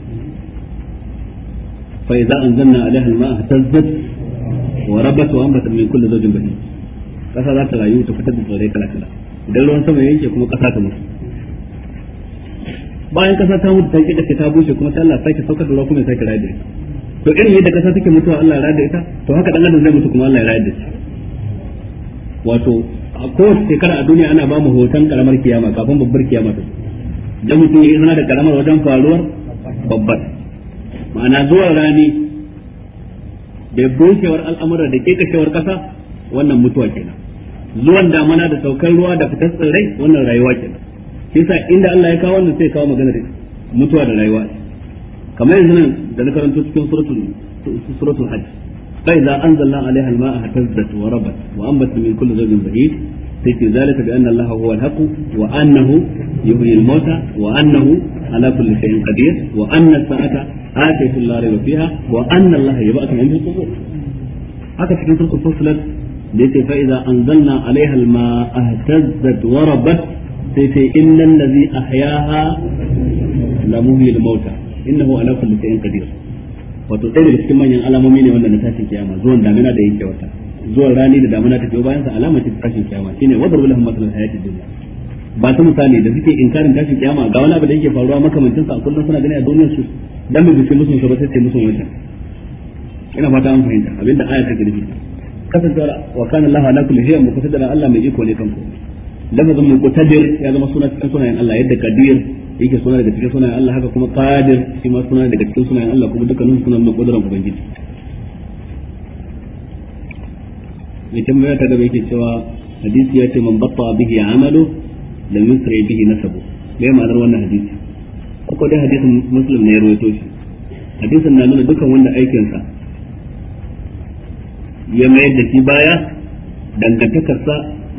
fa idza anzalna alaiha al-ma'a wa rabatu wa ambat min kulli zawjin bahij kasa za ta rayu ta fitar da tsirrai kala kala idan ruwan sama ya kuma kasa ta mutu bayan kasa ta mutu ta kike ta bushe kuma ta Allah sake saukar da ruwa kuma ya sake rayu to irin yadda kasa take mutuwa Allah ya rada ita to haka dan adam zai mutu kuma Allah ya rada shi wato a kowace shekara a duniya ana ba mu hoton karamar kiyama kafin babbar kiyama ta dan mutum ya zama da karamar wajen faruwar babbar ma'ana zuwa rani da bushewar al'amura da kekashewar kasa wannan mutuwa kenan zuwan damana da saukar ruwa da fitar tsirrai wannan rayuwa kenan shi yasa inda Allah ya kawo wannan sai ya kawo magana da mutuwa da rayuwa kamar yanzu nan da na karanto cikin suratul suratul hajj fa idza anzalna alaiha al-ma'a hatazzat wa rabat wa anbatna min kulli zawjin bahij sai zalika bi anna allaha huwa al-haqq wa annahu yuhyi al-mauta wa annahu ala kulli shay'in qadir wa anna as-sa'ata atatu la rayba fiha wa anna allaha yab'athu min al-qubur haka cikin suratul fusilat da yake fa idza anzalna alaiha al-ma'a hatazzat wa rabat sai ce innal ladhi ahyaha la muhyi al-mauta innahu ala kulli shay'in qadir wato ɗaya daga cikin manyan alamomi ne wanda na tashin kiyama zuwan damina da yanke wata zuwan rani da damina ta biyo bayan sa alama ce tashin kiyama shine wadar wala masalan hayatid dunya ba ta misali da suke inkarin tashin kiyama ga wani abu da yake faruwa makamancin sa a kullum suna gani a duniyar su dan me bice musu ba sai musu wancan ina fata an fahimta abinda aya ta gidi kasancewar wa kana Allah ala kulli shay'in muqtadira Allah mai iko ne kanku lafazin muqtadir ya zama suna cikin sunayen Allah yadda qadir yake suna daga cikin sunayen Allah haka kuma qadir shi ma suna daga cikin sunayen Allah kuma dukkanin sunan na kudurar ubangiji mai ya ta gaba yake cewa hadisi ya ce man batta bihi amalu lam yusri bihi nasabu me ma'ana wannan hadisi ko dai hadisin muslim ne ya rawaito shi hadisin na nuna dukkan wanda aikinsa ya mayar da shi baya dangantakarsa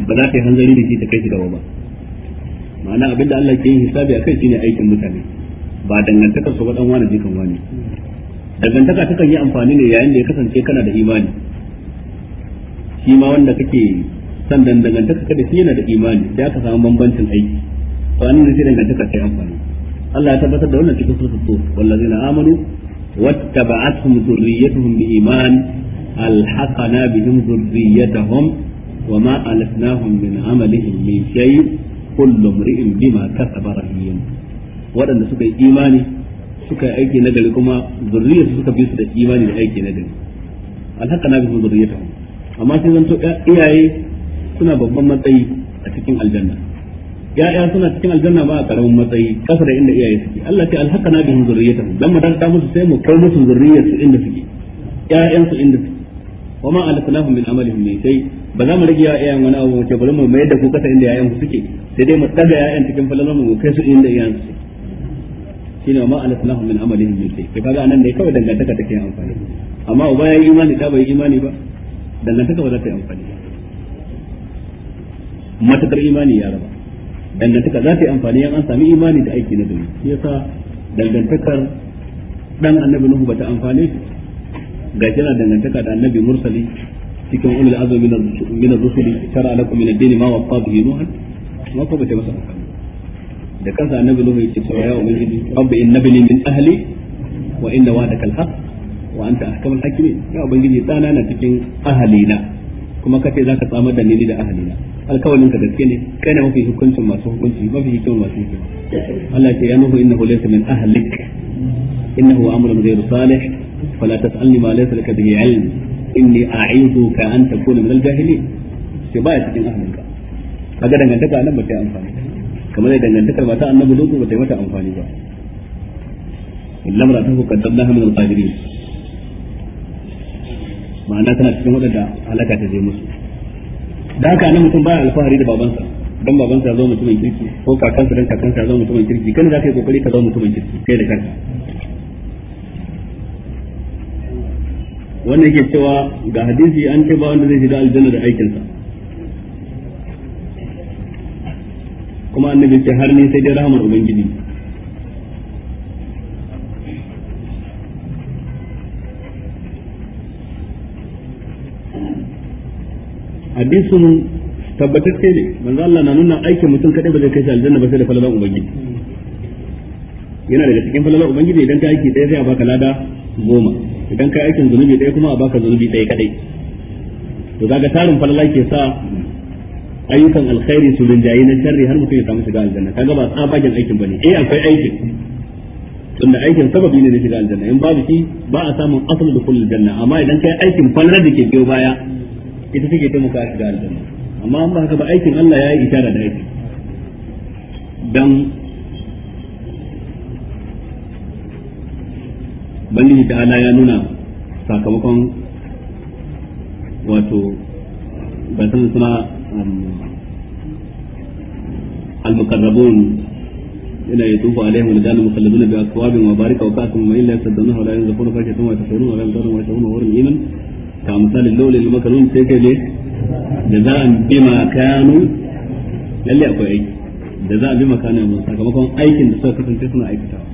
ba za ta yi hanzari da shi ta kai shi gaba ba ma'ana abinda Allah ke yin hisabi shi ne aikin mutane ba dangantakar su ba wani jikan wani dangantaka ta kan yi amfani ne yayin da ya kasance kana da imani shi ma wanda kake son dangantaka kada shi yana da imani sai aka samu bambancin aiki wani an ne sai dangantaka ta yi amfani Allah ya tabbatar da wannan cikin suratul tur wallazina amanu wattaba'atuhum dhurriyyatuhum biiman alhaqana bihim dhurriyyatahum وما ألفناهم من عملهم من شيء kullu mri'in bima kasaba rahim waɗanda suka yi imani suka yi aiki na gari kuma zurriyarsu suka bi su da imani da aiki na gari alhaka na bisu zurriyatahum amma sai zanto iyaye suna babban matsayi a cikin aljanna ya'ya suna cikin aljanna ba a karamin matsayi kasa da inda iyaye suke Allah ta alhaka na bihim zurriyatahum dan mu danka musu sai mu kai musu zurriyarsu inda suke ya'yansu inda suke wa ma alaknahum min amalihim min shay ba za mu rage yawa iyayen wani abu muke bari mu mayar da ku kasa inda yayan suke sai dai mu daga yayan cikin falalar mu kai su inda yayan su shine ma alasnahu min amalin min yi. to kaga anan ne kawai dangantaka take amfani amma uba yayi imani ta bai imani ba dangantaka ba za ta yi amfani matakar imani ya raba dangantaka za ta yi amfani yan an sami imani da aiki na gari shi yasa dangantakar dan annabi nuhu ba ta amfani. ga kira dangantaka da annabi mursali cikin ulul azmi min min ar-rusuli shara lakum min ad-din ma waqa bihi nuh ma ko bace masa da kansa annabi nuh yake cewa ya ubangiji rabbi innabni min ahli wa inna wa'daka al-haq wa anta ahkamul hakimin ya ubangiji dana na cikin ahalina kuma kace zaka tsamar da ni da ahalina alkawalin ka gaske ne kai na mafi hukuncin masu hukunci mafi hukuncin masu hukunci Allah ce ya nuhu innahu laysa min ahlik innahu amrun ghayru salih fala tas'alni ma laysa laka bihi ilm inni a'izuka an takuna min al-jahilin sai baya cikin ahlin ka kaga dangantaka nan ba ta amfani kamar da dangantakar mata annabi lutu ba ta mata amfani ba illam ra'atuhu qaddamnaha min al-qadirin ma'ana tana cikin wadanda halaka ta je musu dan haka annabi mutum baya alfahari da babansa dan babansa zo mutumin kirki ko kakansa dan kakansa zo mutumin kirki kana za ka yi kokari ka zo mutumin kirki kai da kanka wannan ke cewa ga hadisi an ce ba wanda zai shiga aljanna da aikinsa kuma annabi ce har ni sai dai rahamar ubangiji hadisin tabbatacce ne manzo Allah na nuna aikin mutum kadai ba zai kai shi aljanna ba sai da falalan ubangiji yana daga cikin falalan ubangiji idan ka aiki sai sai a baka lada goma idan kai aikin zunubi ɗaya kuma a baka zunubi ɗaya kadai to kaga tarin falala ke sa ayyukan alkhairi su rinjayi na sharri har mutum ya samu shiga aljanna kaga ba tsabagen aikin bane eh akwai aikin tunda aikin sababi ne na shiga aljanna in babu shi ba a samun asal da kullu janna amma idan kai aikin fallar da ke biyo baya ita take taimaka shiga aljanna amma an ba haka ba aikin Allah ya yi isharar da aiki dan ubangiji ta ala ya nuna sakamakon wato ba san suna um, al-muqarrabun mukarrabun ina ila yatufu alaihim rijalun mukhalladun bi akwabin wa barika wa ka'atin min la yasaddunahu la yanzafuna fakatun wa tasawrun wa lam tadun wa tasawrun wa iman ta misalin lawlil makarun sai kai ne da za a bi kanu lalle akwai aiki da za a bi makanin sakamakon aikin da suka kasance suna aikatawa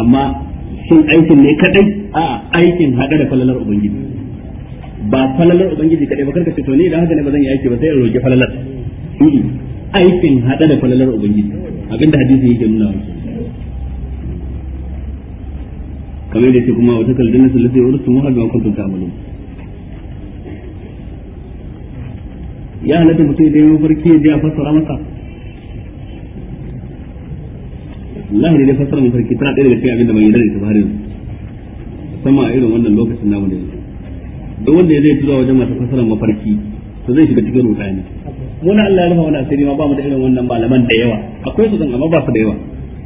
amma shin aikin ne kadai a aikin hada da falalar ubangiji ba falalar ubangiji kadai ba karka ce to ne da haka ne ba zan yi aiki ba sai in roki falalar aikin hada da falalar ubangiji abinda hadisi yake nuna wa kamar da ce kuma wata na kaljanna sulusi urustum wa ma kuntum ta'malun ya halatta mutum da ya yi mafarki ya je a fassara masa wallahi ne fasara mafarki tana ɗaya daga cikin abin da bai yarda da ta har yanzu musamman a irin wannan lokacin namu da yanzu duk wanda ya zai tura wajen masu fasaran mafarki to zai shiga cikin rudani mun Allah ya rufa wani asiri ma ba mu da irin wannan malaman da yawa akwai su amma ba su da yawa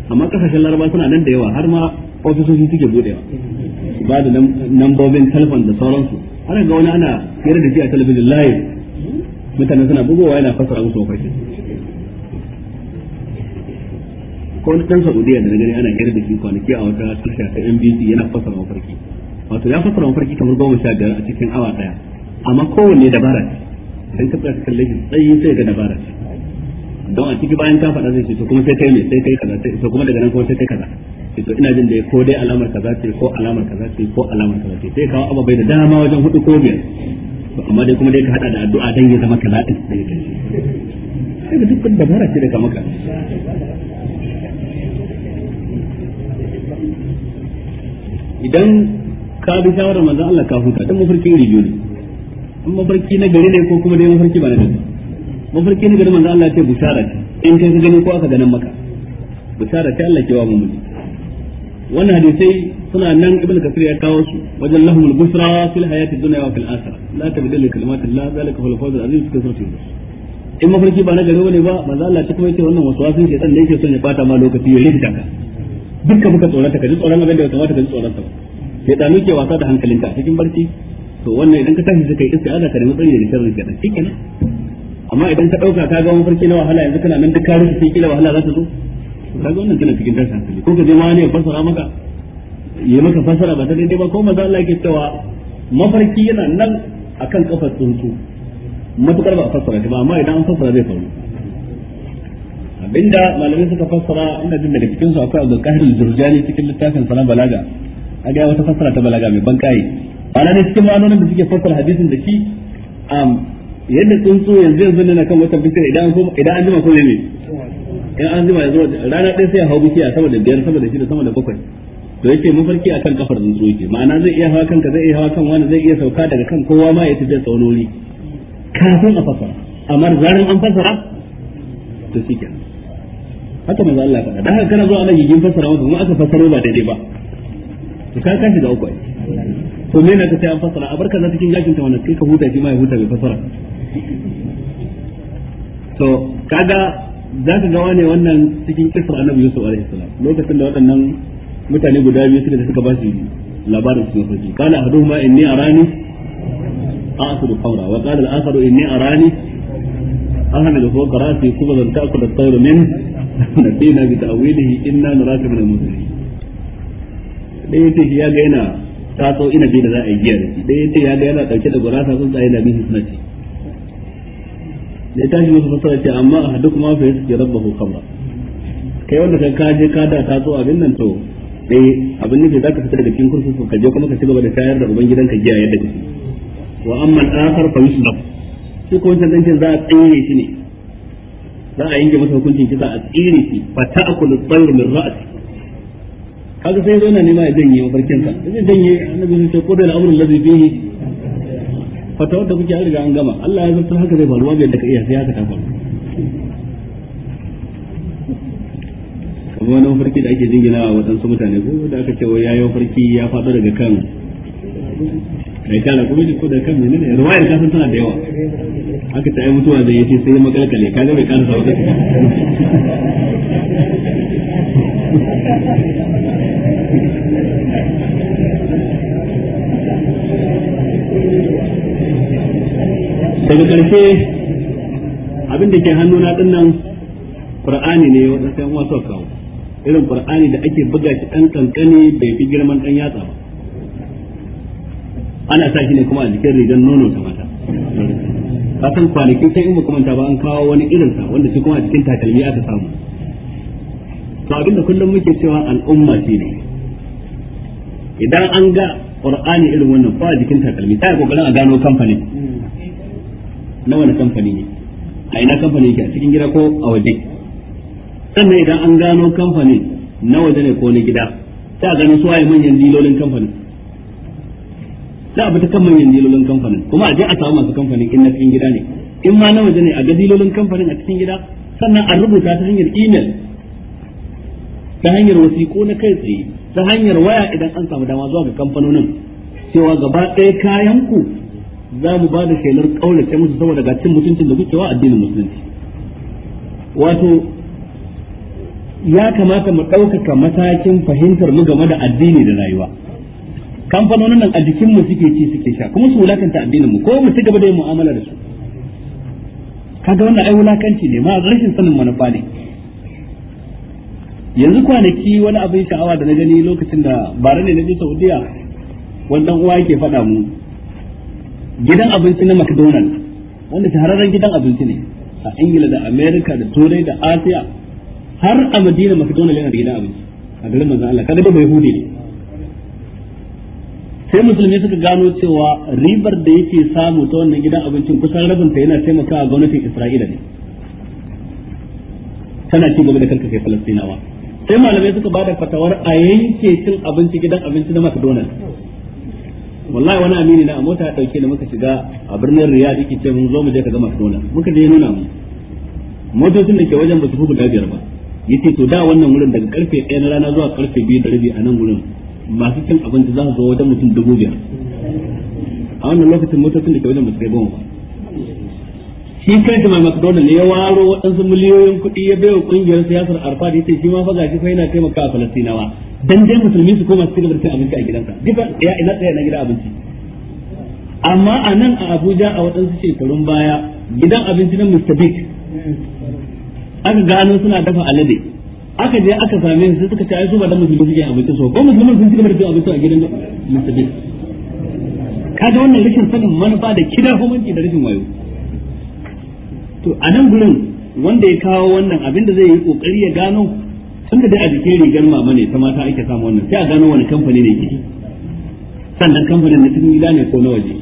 amma kasashen laraba suna nan da yawa har ma ofisoshi suke budewa ba da nambobin telefon da sauransu har ga wani ana hira da shi a talabijin live mutane suna bugowa yana fasara musu mafarki akwai wani dan Saudiya da na gani ana kira da shi kwanaki a wata tasha ta NBC yana fasara mafarki wato ya fasara mafarki kamar goma sha biyar a cikin awa daya amma kowanne dabara ce sai ka tsaya cikin shi tsayi sai ga dabara ce don a ciki bayan ka faɗa zai ce to kuma sai kai ne sai kai kaza sai to kuma daga nan kuma sai kai kaza sai to ina jin da ko dai alamar kaza ce ko alamar kaza ce ko alamar kaza ce sai kawo ababai da dama wajen hudu ko biyar amma dai kuma dai ka hada da addu'a dan ya zama kaza din ka kai sai ga dukkan dabara ce daga maka idan ka bi shawarar manzon Allah ka huta dan mafarkin iri biyu ne in mafarki na gari ne ko kuma dai mafarki ba na gari mafarki na gari manzon Allah ce bushara in kai ka gani ko aka ganin maka bushara ta Allah ke wa mu wannan hadisai suna nan ibnu kasir ya kawo su wajen lahumul busra fil hayati dunya wa fil akhirah la tabdil li kalimatillah zalika huwal fawzul azim fi kasrati in mafarki ba na gari ne ba manzon Allah ce kuma yake wannan wasu waswasin shaytan da yake son ya bata ma lokaci ya rinta ka dukkan muka tsorata ka ji tsoron abin da ya kamata ka ji tsoron ta sai ta nuke wasa da hankalinka cikin barci to wannan idan ka tashi sai kai istiaza ka nemi tsari da sharri kenan shikenan amma idan ka dauka ka ga mafarki na wahala yanzu kana nan duk ka rufe sai kila wahala za ta zo ka ga wannan kana cikin tashin hankali ko ka je ma ne ya fassara maka yi maka fassara ba ta daidai ba ko maza Allah ke cewa mafarki yana nan akan kafar tsuntsu matukar ba a fassara ta ba amma idan an fassara zai faru abinda malamai suka fassara ina jin daga cikin su akwai Abdul Qahir al-Jurjani cikin littafin sanan Balaga a ga wata fassara ta balaga mai bankaye ana ne cikin ma'anonin da suke fassara hadisin da shi am yadda tsuntsu yanzu yanzu ne na kan wata bishiyar idan ko idan an jima ko ne in an jima yanzu rana ɗaya sai ya hau bishiya sama da biyar sama da shida sama da bakwai to yake mun farki akan kafar tsuntsu yake ma'ana zai iya hawa kanka zai iya hawa kan wani zai iya sauka daga kan kowa ma ya tafi da tsaunori kafin a fassara amma zarin an fassara to shi kenan haka manzo Allah faɗa dan haka kana zuwa nan yigin fasara wannan aka fasaro ba daidai ba to ka kashi da uku ai to me ne ka sai fasara a barka na cikin yakin ta wannan kai ka huta shi ma ya huta bai fasara to kaga za ka ga wane wannan cikin kisar annabi Yusuf alaihi salam lokacin da waɗannan mutane guda biyu suka suka ba shi labarin su sarki kana hadu ma inni arani a'khudhu qawra wa qala al-akharu inni arani ahmilu fawqa ra'si kubran ta'kul at-tayru minhu nabina bi ta'wilihi inna naraka min al-muslimin dai yace ya ga yana tatso inabi da za a yi giya da shi dai yace ya ga yana dauke da gurasa sun tsaye da bihi sunna ce da tashi musu fasara ce amma a hadu kuma fa yasqi rabbahu khamra kai wanda kan kaje ka da tatso abin nan to dai eh, abin ne zaka fita daga cikin kurkuku ka je kuma ka cigaba da tayar da uban gidanka giya yadda kake wa amma al-akhar fa yusdaq shi ko wancan dan za a tsaye shi ne za a yanke masa hukuncin kisa a tsire shi fa ta'kulu at-tayr min ra'si kaga sai zo na nema ya janye mafarkin ka zai janye annabi sai ce kodai al-amru alladhi fihi fatawar da kuke an riga an gama Allah ya zartar haka zai faruwa bai da ka iya sai haka ta faru kuma wani mafarki da ake jingina a waɗansu mutane ko da aka ce ya yi mafarki ya faɗo daga kan mai kana kuma ne ko da kan menene ruwayar ka san tana da yawa haka ta yi mutuwa zai yace sai makalkale ka ga mai kana sauka daga ƙarshe abin da ke hannuna ɗin nan ƙur'ani ne waɗansu yan wasu kawo irin ƙur'ani da ake buga shi ɗan kankani bai fi girman ɗan yatsa ba ana sa shi ne kuma a jikin rigar nono ta mata san kwanakin sai in ba kuma ba an kawo wani irinsa wanda shi kuma a cikin takalmi aka samu to da kullum muke cewa al'umma shi ne idan an ga qur'ani irin wannan fa jikin takalmi ta kokarin a gano kamfani na wani kamfani ne a ina kamfani yake a cikin gida ko a waje sannan idan an gano kamfani na waje ne ko na gida ta gano su waye manyan dilolin kamfanin da a ta kan manyan dilolin kamfanin kuma a je a samu masu kamfanin in na cikin gida ne in ma na waje ne a ga dilolin kamfanin a cikin gida sannan a rubuta ta hanyar email ta hanyar wasiƙo na kai tsaye ta hanyar waya idan an samu dama zuwa ga kamfanonin cewa gaba ɗaya kayan ku za mu ba da shelar ƙaurace musu saboda ga cin mutuncin da wa addinin musulunci wato ya kamata mu ɗaukaka matakin fahimtar mu game da addini da rayuwa kamfanonin nan a jikin mu suke ci suke sha kuma su wulakanta addinin mu ko mu ci gaba da mu'amala da su kaga wannan ai wulakanci ne ma rashin sanin manufa ne yanzu kwanaki wani abin sha'awa da na gani lokacin da bare ne na je Saudiya wannan uwa yake faɗa mu gidan abinci na McDonald's wanda shahararren gidan abinci ne a Ingila da America da Turai da Asiya har a Madina McDonald's yana da gidan abinci a garin manzon Allah kaga da bai hudu ne sai musulmi suka gano cewa ribar da yake samu ta wannan gidan abincin kusan rabin ta yana taimakawa gwamnatin Isra'ila ne tana ci gaba da kai Falastinawa sai malamai suka bada fatawar a yanke cin abinci gidan abinci na McDonald's wallahi wani amini na a mota ya dauke da muka shiga a birnin Riyadh yake ce mun zo mu je ka ga McDonald's muka je nuna mu motocin da ke wajen ba su fi guda biyar ba yace to da wannan wurin daga karfe 1 na rana zuwa karfe 2 da rabi a nan wurin masu cin abinci za su zo wajen mutum dubu biyar a wannan lokacin motocin da ke wajen masu goma ba shi kanta mai makadonan ne ya waro waɗansu miliyoyin kuɗi ya bai wa ƙungiyar siyasar arfad ya ce shi ma faga shi fa yana taimaka a falastinawa dan dai musulmi su koma su cigaba da cin abinci a gidansa duka ya ina tsaye na gida abinci amma a nan a abuja a waɗansu shekarun baya gidan abinci na mr big aka gano suna dafa alade aka je aka same su suka ce ai su ba da musulmi suke abinci so ko musulmi sun cigaba da cin abinci a gidan musulmi kaga wannan rashin sanin manufa da kidar hukunci da rashin wayo to a nan gurin wanda ya kawo wannan abin da zai yi kokari ya gano tun da dai a jikin rigar mama ne ta mata ake samu wannan sai a gano wani kamfani ne ke sannan kamfanin na cikin gida ne ko na waje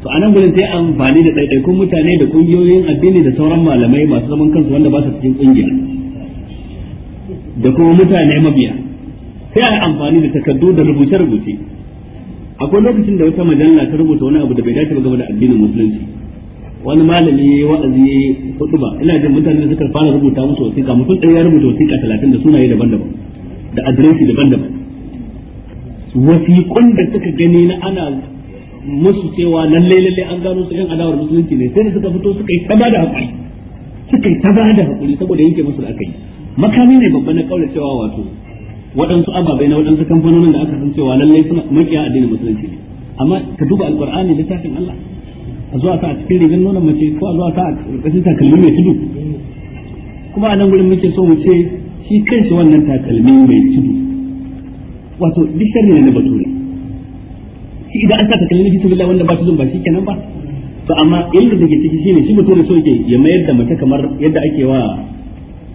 to anan gurin sai amfani da ɗaiɗaikun mutane da ƙungiyoyin addini da sauran malamai masu zaman kansu wanda ba su cikin ƙungiya da kuma mutane mabiya sai a amfani da takardu da rubuce-rubuce akwai lokacin da wata majalla ta rubuta wani abu da bai dace ba game da addinin musulunci wani malami ya wa'azi hudu ba ina jin mutane suka fara rubuta musu wasiƙa mutum ɗaya ya rubuta wasiƙa talatin da sunaye daban-daban da adireshi daban-daban wasiƙun da suka gani na ana musu cewa lallai lallai an gano su yan adawar musulunci ne sai da suka fito suka yi ta da haƙuri suka yi ta da haƙuri saboda yanke musu da aka yi makami ne babba na kaura cewa wato waɗansu ababai na waɗansu kamfanonin da aka san cewa lallai suna makiya addinin musulunci ne amma ka duba alqur'ani littafin Allah a zuwa ta a cikin rigar nonon mace ko a zuwa ta a ƙarƙashin takalmi mai tudu kuma a nan gurin muke so mu ce shi kanshi wannan takalmi mai tudu wato duk sharri na bature shi idan an sa takalmi na billahi wanda ba tudun ba shi kenan ba to amma illa da ke ciki shine shi bature so yake ya mayar da mace kamar yadda ake wa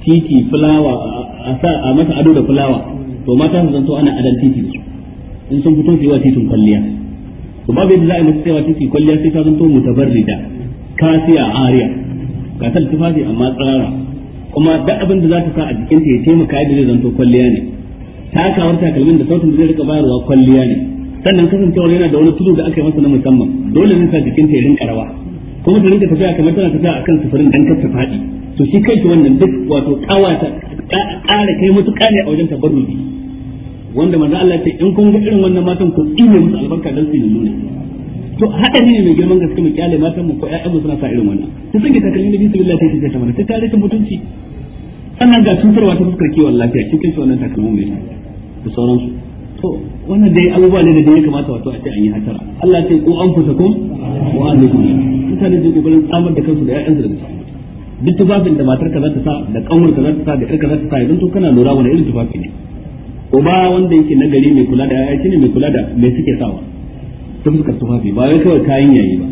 titi fulawa a sa a mata ado da fulawa to mata su zanto ana adan titi su in sun fito su yi wa titin kwalliya to babu yadda za a yi wa titi kwalliya sai ta zanto mutabarrida kasiya ariya ka ta tufafi amma tsara kuma duk abin da za ta sa a jikinta ya taimaka yadda zai zanto kwalliya ne takawar takalmin da sautin da zai rika bayarwa kwalliya ne sannan kasancewar yana da wani tudu da aka yi masa na musamman dole ne sa jikinta ya rinka rawa kuma ta rinka tafiya kamar tana tafiya akan sufurin dan kar ta faɗi to shi kanki wannan duk wato kawata kare kai mutuƙa kare a wajen tabarruki wanda manzo Allah ce in kun ga irin wannan matan ku ine musu albarka dan su nuna to hadari ne mai girman gaske mu kyale matan mu ko ƴaƴan mu suna sa irin wannan to sun ga takalmi da bismillah sai ta mana ta kare ta mutunci sannan ga furwa ta fuskar kiwon lafiya cikin shi wannan takalmi mai da sauransu to wannan dai abubuwa ne da ya kamata wato a ce an yi hatara Allah ya ce ku anfusakum wa ahlikum mutane da kokarin tsamar da kansu da ƴaƴansu da su duk tufafin da matarka za ta sa da kanwarka za ta sa da yarka za ta sa idan to kana lura wani irin tufafi ne uba wanda yake na gari mai kula da yaya ne mai kula da mai suke sawa ta fuskar tufafi ba wai kawai kayan yayi ba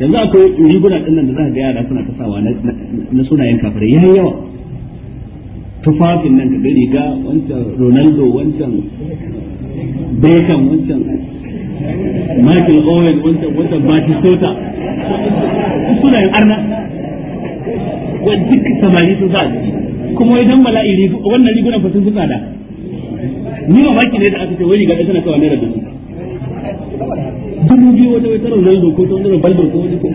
yanzu akwai riguna din nan da za ka ga yara suna ta sawa na sunayen kafirai yayi yawa tufafin nan ka ga riga wancan Ronaldo wancan bekan wancan Michael Owen wancan wancan Batista sunayen arna wa duk samari sun sa kuma idan mala'i wannan rigunan fa sun tsada ni mamaki ne da aka ce wani ga tana kawai naira dubu dubu biyu wata wata ronaldo ko ta wani balbar ko wani ko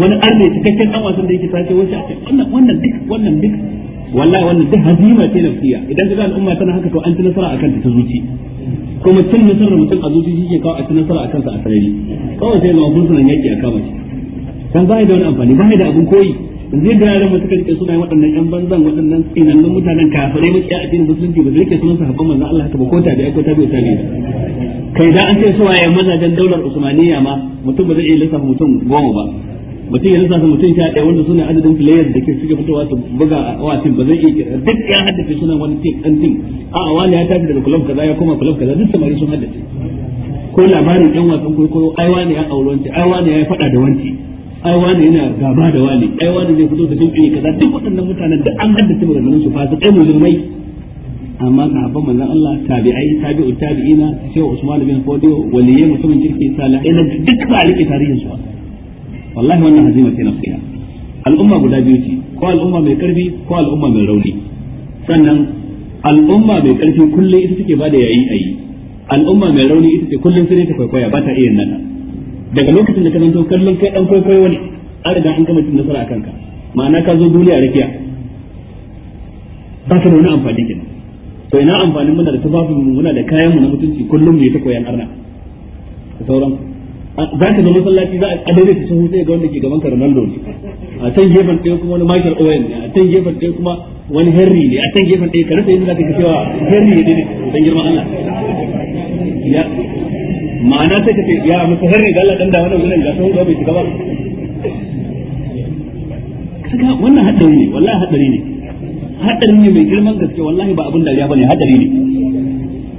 wani arne cikakken dan wasan da yake sace wasu a wannan wannan duk wannan duk wallahi wannan duk hazima ce nafsiya idan ka ga al'umma tana haka to an ci nasara akan ta zuci kuma cin nasarar mutum a zuci shi ke kawo a ci nasara akan sa a sarari kawai sai ga wani sunan yaki a kama shi dan ba da wani amfani ba da abun koyi zai da yaran mutum kake suna waɗannan yan banzan waɗannan tsinannun mutanen kafirai muke a cikin musulunci ba zai ke sunan sahabban manzon Allah ta ba ko ta da ko ta bai ta kai da an ce su waye mazajen daular usmaniya ma mutum ba zai iya lissafa mutum goma ba a ba zai iya a wani ya tafi ko labarin ɗan wasan kwaikwayo ai wani ya aure wanci ai wani ya faɗa da wanci ai wani yana gaba da wani ai wani zai fito da sun iri kaza duk waɗannan mutanen da an haddace maganganun su fasu kai musulmai amma sahabban manzon Allah tabi'ai tabi'u tabi'ina sai Usman bin Fodiyo waliyai mutumin kirki salihai na duk ba rike tarihin su wallahi wannan hazima ce nafsiya al'umma guda biyu ce ko al'umma mai karfi ko al'umma mai rauni sannan al'umma mai karfi kullum ita take bada yayi ayi al'umma mai rauni ita ce kullum sai ta kwaikwaya ba ta iya nana daga lokacin da ka zanto kallon kai dan kwaikwayo wani an riga an gama cin nasara a kanka ma'ana ka zo duniya rakiya ba ka da wani amfani kenan to ina amfanin muna da tufafin mu muna da kayan mu na mutunci kullum ne ta koyan arna da sauran za ka zo masallaci za a daidai ta sahu sai ga wanda ke gaban ka Ronaldo ne a can gefen ɗaya kuma wani Michael Owen ne a can gefen ɗaya kuma wani Henry ne a can gefen ɗaya ka rasa yadda za ka cewa Henry ne ne dan girman Allah ma'ana sai ka ce ya musu harin da Allah dan da wannan wurin da sun zo shiga ba kaga wannan hadari ne wallahi hadari ne hadari ne mai girman gaske wallahi ba abin dariya bane hadari ne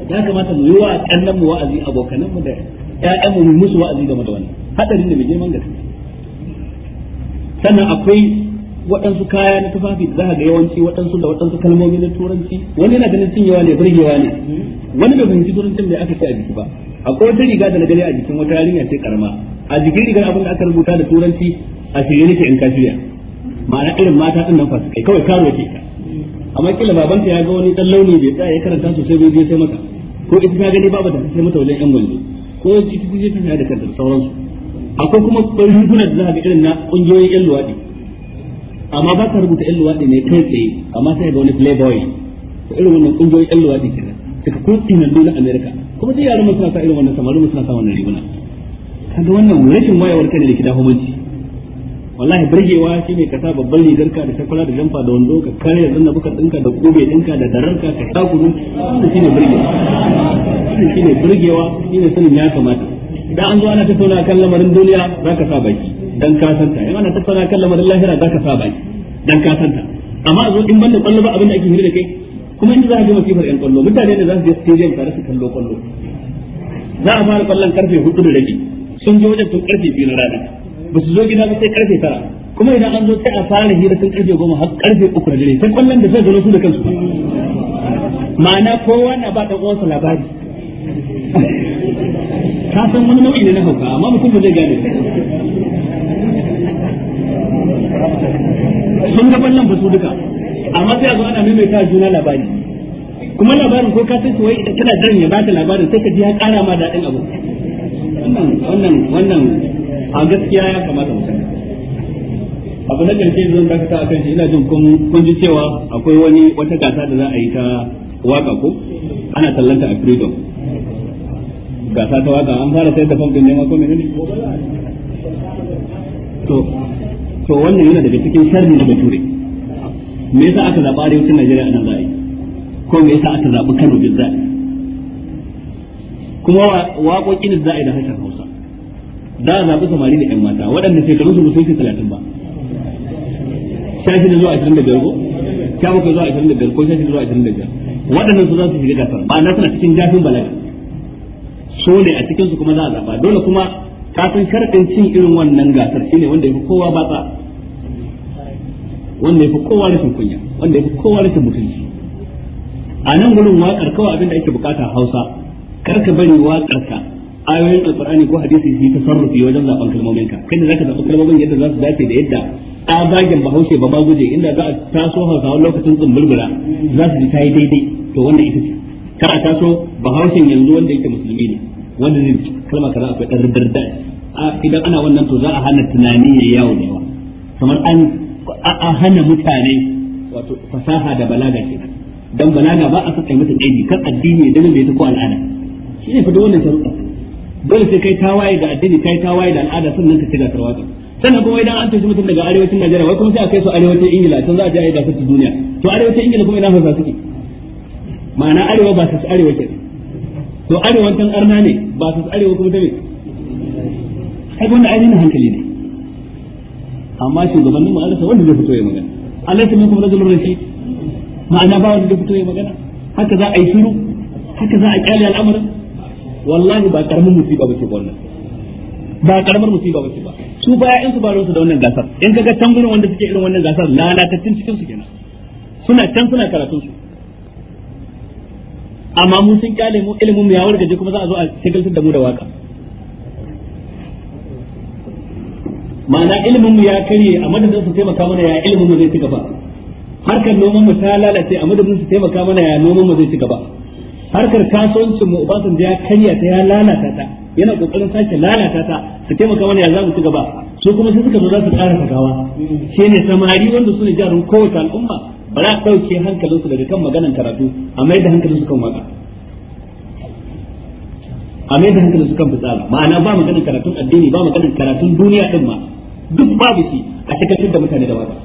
ya kamata mu yi wa kannan mu wa'azi abokanan mu da ƴaƴan mu musu wa'azi game da wannan hadari ne mai girman gaske sannan akwai waɗansu kaya na tufafi da za ga yawanci waɗansu da waɗansu kalmomi na turanci wani yana ganin cinyewa ne burgewa ne wani bai fahimci turancin da aka ce a jiki ba akwai wata riga da na gani a jikin wata yarinya ce karama a jikin rigar abin da aka rubuta da turanci a shirye nake in kafiya ma'ana irin mata din nan fa kai kawai karo ke amma kila babanta ya ga wani dan launi bai tsaya ya karanta sosai bai sai mata ko ita ta gani babu da sai mata wajen yan gwanzo ko ita ta je da kanta sauransu akwai kuma riguna da za ga irin na kungiyoyin yan luwadi amma ba ka rubuta yan luwadi ne kai tsaye amma sai ga wani playboy irin wannan kungiyoyin yan luwadi kenan suka kurti na dole America kuma duk yaran suna sa irin wannan samarin suna sa wannan riguna kaga wannan rashin wayewar kai ne da kida hukunci wallahi burgewa shi ne kasa babban rigar ka da takwala da jamfa da wando ka kare zanna buka dinka da kube dinka da dararka ka sha kunu wannan shine burgewa wannan shine burgewa shine sanin ya kamata idan an zo ana tattauna kan lamarin duniya zaka sa baki dan ka santa idan ana tattauna kan lamarin lahira zaka sa baki dan ka santa amma a zo in banda kwallo ba abin da ake hira da kai kuma inda za a ga masifar yan kwallo mutane ne za su je stadium tare su kallo kwallo za a fara kwallon karfe hudu da rabi sun je wajen tun karfe biyu na rana ba su zo gida ba sai karfe tara kuma idan an zo sai a fara hira tun karfe goma har karfe uku na dare sai kwallon da zai gano su da kansu ma'ana kowa na ba ta uwansa labari ka san wani nau'i ne na hauka amma mutum ba zai gane sun ga kwallon ba su duka amma sai a zo ana maimaita juna labari kuma labarin ko ka san wai idan kana jiran ya ba ta labarin sai ka ji ya ƙara ma daɗin abu wannan wannan wannan a gaskiya ya kamata mu sani abu na karshe zan dakata akan shi ina jin kun kun ji cewa akwai wani wata gasa da za a yi ta waka ko ana tallanta a freedom gasa ta waka an fara sai da din ne ma ko menene to to wannan yana daga cikin sharri na bature me yasa aka zaɓa arewacin Najeriya a nan za a yi ko me yasa aka zaɓi Kano bin za kuma waƙoƙin za a yi da harshen Hausa da a zaɓi samari da 'yan mata waɗanda shekaru su sun fi talatin ba shafin zuwa ashirin da biyar ko shafin zuwa ashirin da biyar ko shafin zuwa ashirin da biyar waɗannan su za su shiga gasar ba na suna cikin jafin balaga so ne a cikinsu kuma za a zaɓa dole kuma kafin sharɗin cin irin wannan gasar shine wanda ya fi kowa ta. wanda yafi kowa rashin kunya wanda yafi kowa rashin mutunci a nan gurin waƙar kawai abin da ake bukata Hausa kar ka bari waƙar ka ayoyin alqur'ani ko hadisi su ta sarrafi wajen zaben kalmomin ka kada zaka zaɓi kalmomin yadda za su dace da yadda zagin bahaushe ba ma guje inda za a taso wani lokacin tsumbulbula za su ji ta yi daidai to wanda ita ce kar a taso bahaushen yanzu wanda yake musulmi ne wanda zai kalma kaza akwai ɗan a idan ana wannan to za a hana tunani ya yawo da yawa kamar an a hana mutane wato fasaha da balaga kenan dan balaga ba a saka mata aiki kan addini da ne ta ko al'ada shi ne fa duk wannan sharuɗa dole sai kai tawaye da addini kai tawaye da al'ada sannan ka shiga tarwatsa sannan kuma idan an tashi mutum daga arewacin Najeriya wai kuma sai a kai su arewacin Ingila tun za a je a yi gasar duniya to arewacin Ingila kuma ina su ke ma'ana arewa ba su arewa ke to arewa tan arna ne ba su arewa kuma ta me kai wannan ainihin hankali ne amma nan ma'arasa wanda zai fito ya magana alaita mun kuma rajul rashid ma'ana ba wanda zai fito ya magana haka za a yi shiru haka za a kyale al'amarin wallahi ba karamin musiba bace ba wannan ba karamar musiba bace ba su ba in su ba ruwansu da wannan gasar in kaga can gurin wanda suke irin wannan gasar lalatattun cikin su kenan suna can suna karatun su amma mun sun kyale mu ilimin mu ya wargaje kuma za a zo a shagaltar da mu da waka ma'ana ilimin mu ya karye a madadin su taimaka mana ya ilimin mu zai ci gaba harkar noman mu ta lalace a madadin su taimaka mana ya noman mu zai ci gaba harkar kasuwancin mu Obasanjo ya karya ta ya lalata ta yana kokarin sake lalata ta su taimaka mana ya za mu ci gaba su kuma sai suka zo za su ƙara fagawa shi ne samari wanda su ne jarin kowace al'umma ba za a ɗauke hankalinsu daga kan maganan karatu a mai da hankalinsu kan waka a mai da hankali su kan fitsara ma'ana ba maganin karatun addini ba maganin karatun duniya din ma duk babu shi a cikin da mutane da wata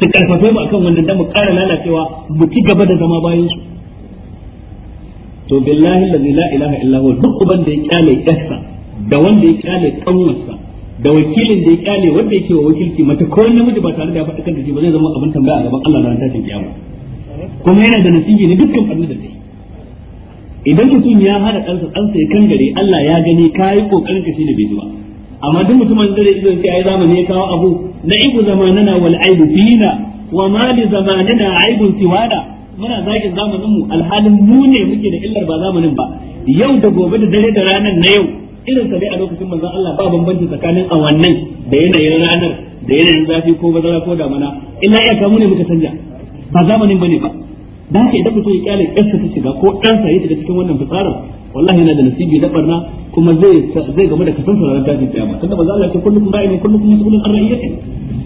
su karfafe mu akan wanda da mu ƙara lalacewa mu ci gaba da zama bayan su to billahi la ilaha illa duk uban da ya kyale yarsa da wanda ya kyale kanwarsa da wakilin da ya kyale wanda yake wa wakilci mata ko namiji ba tare da ya faɗi kan ba zai zama abin tambaya a gaban Allah na tashin kiyama kuma yana da nasibi ne dukkan abin da zai idan mutum ya hana ɗansa ɗansa ya kangare Allah ya gani ka kokarin ƙoƙarin ka shi da bai amma duk mutumin da zai idan a ai zamani ya kawo abu na ibu zamanana wal aibu fina wa ma li zamanina aibun siwana muna zagin zamanin mu alhalin mu ne muke da illar ba zamanin ba yau da gobe da dare da ranar na yau irin sa dai a lokacin manzon Allah ba bambanci tsakanin awannin da yanayin ranar da yanayin zafi ko bazara ko damana illa iya kamu ne muka canja ba zamanin bane ba da haka idan mutum ya kyale ƙasa ta shiga ko ɗan sa ya shiga cikin wannan fitsarin wallahi yana da nasibi da barna kuma zai zai game da kasan sauraron tashin kiyama tunda ba za a ce kullum ra'ayi kullum mas'ulun an ra'ayyati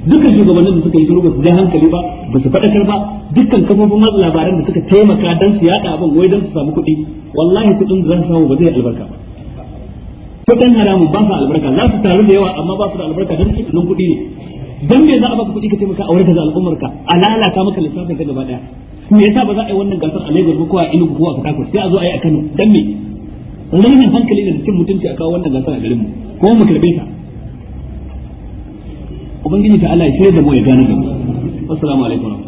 dukkan shugabannin da suka yi shiru ba su ja hankali ba ba su faɗakar ba dukkan kafofin masu labaran da suka taimaka dan su yaɗa abin wai dan su samu kuɗi wallahi kuɗin da za su samu ba zai albarka ba kuɗin haramun ba su albarka za su taru da yawa amma ba su da albarka dan su nan kuɗi ne dan me za a baka kuɗi ka taimaka a wurin da al'ummarka a lalata maka lissafin ka gaba ɗaya me yasa ba za a yi wannan gasar a Lagos ba ko a Enugu ko a Kano sai a zo a yi a Kano dan me rainin hankali ne da cin mutunci a kawo wannan gasar a garin mu ko mu karbe ta ubangiji ta Allah ya shirya da mu ya gane da mu assalamu alaikum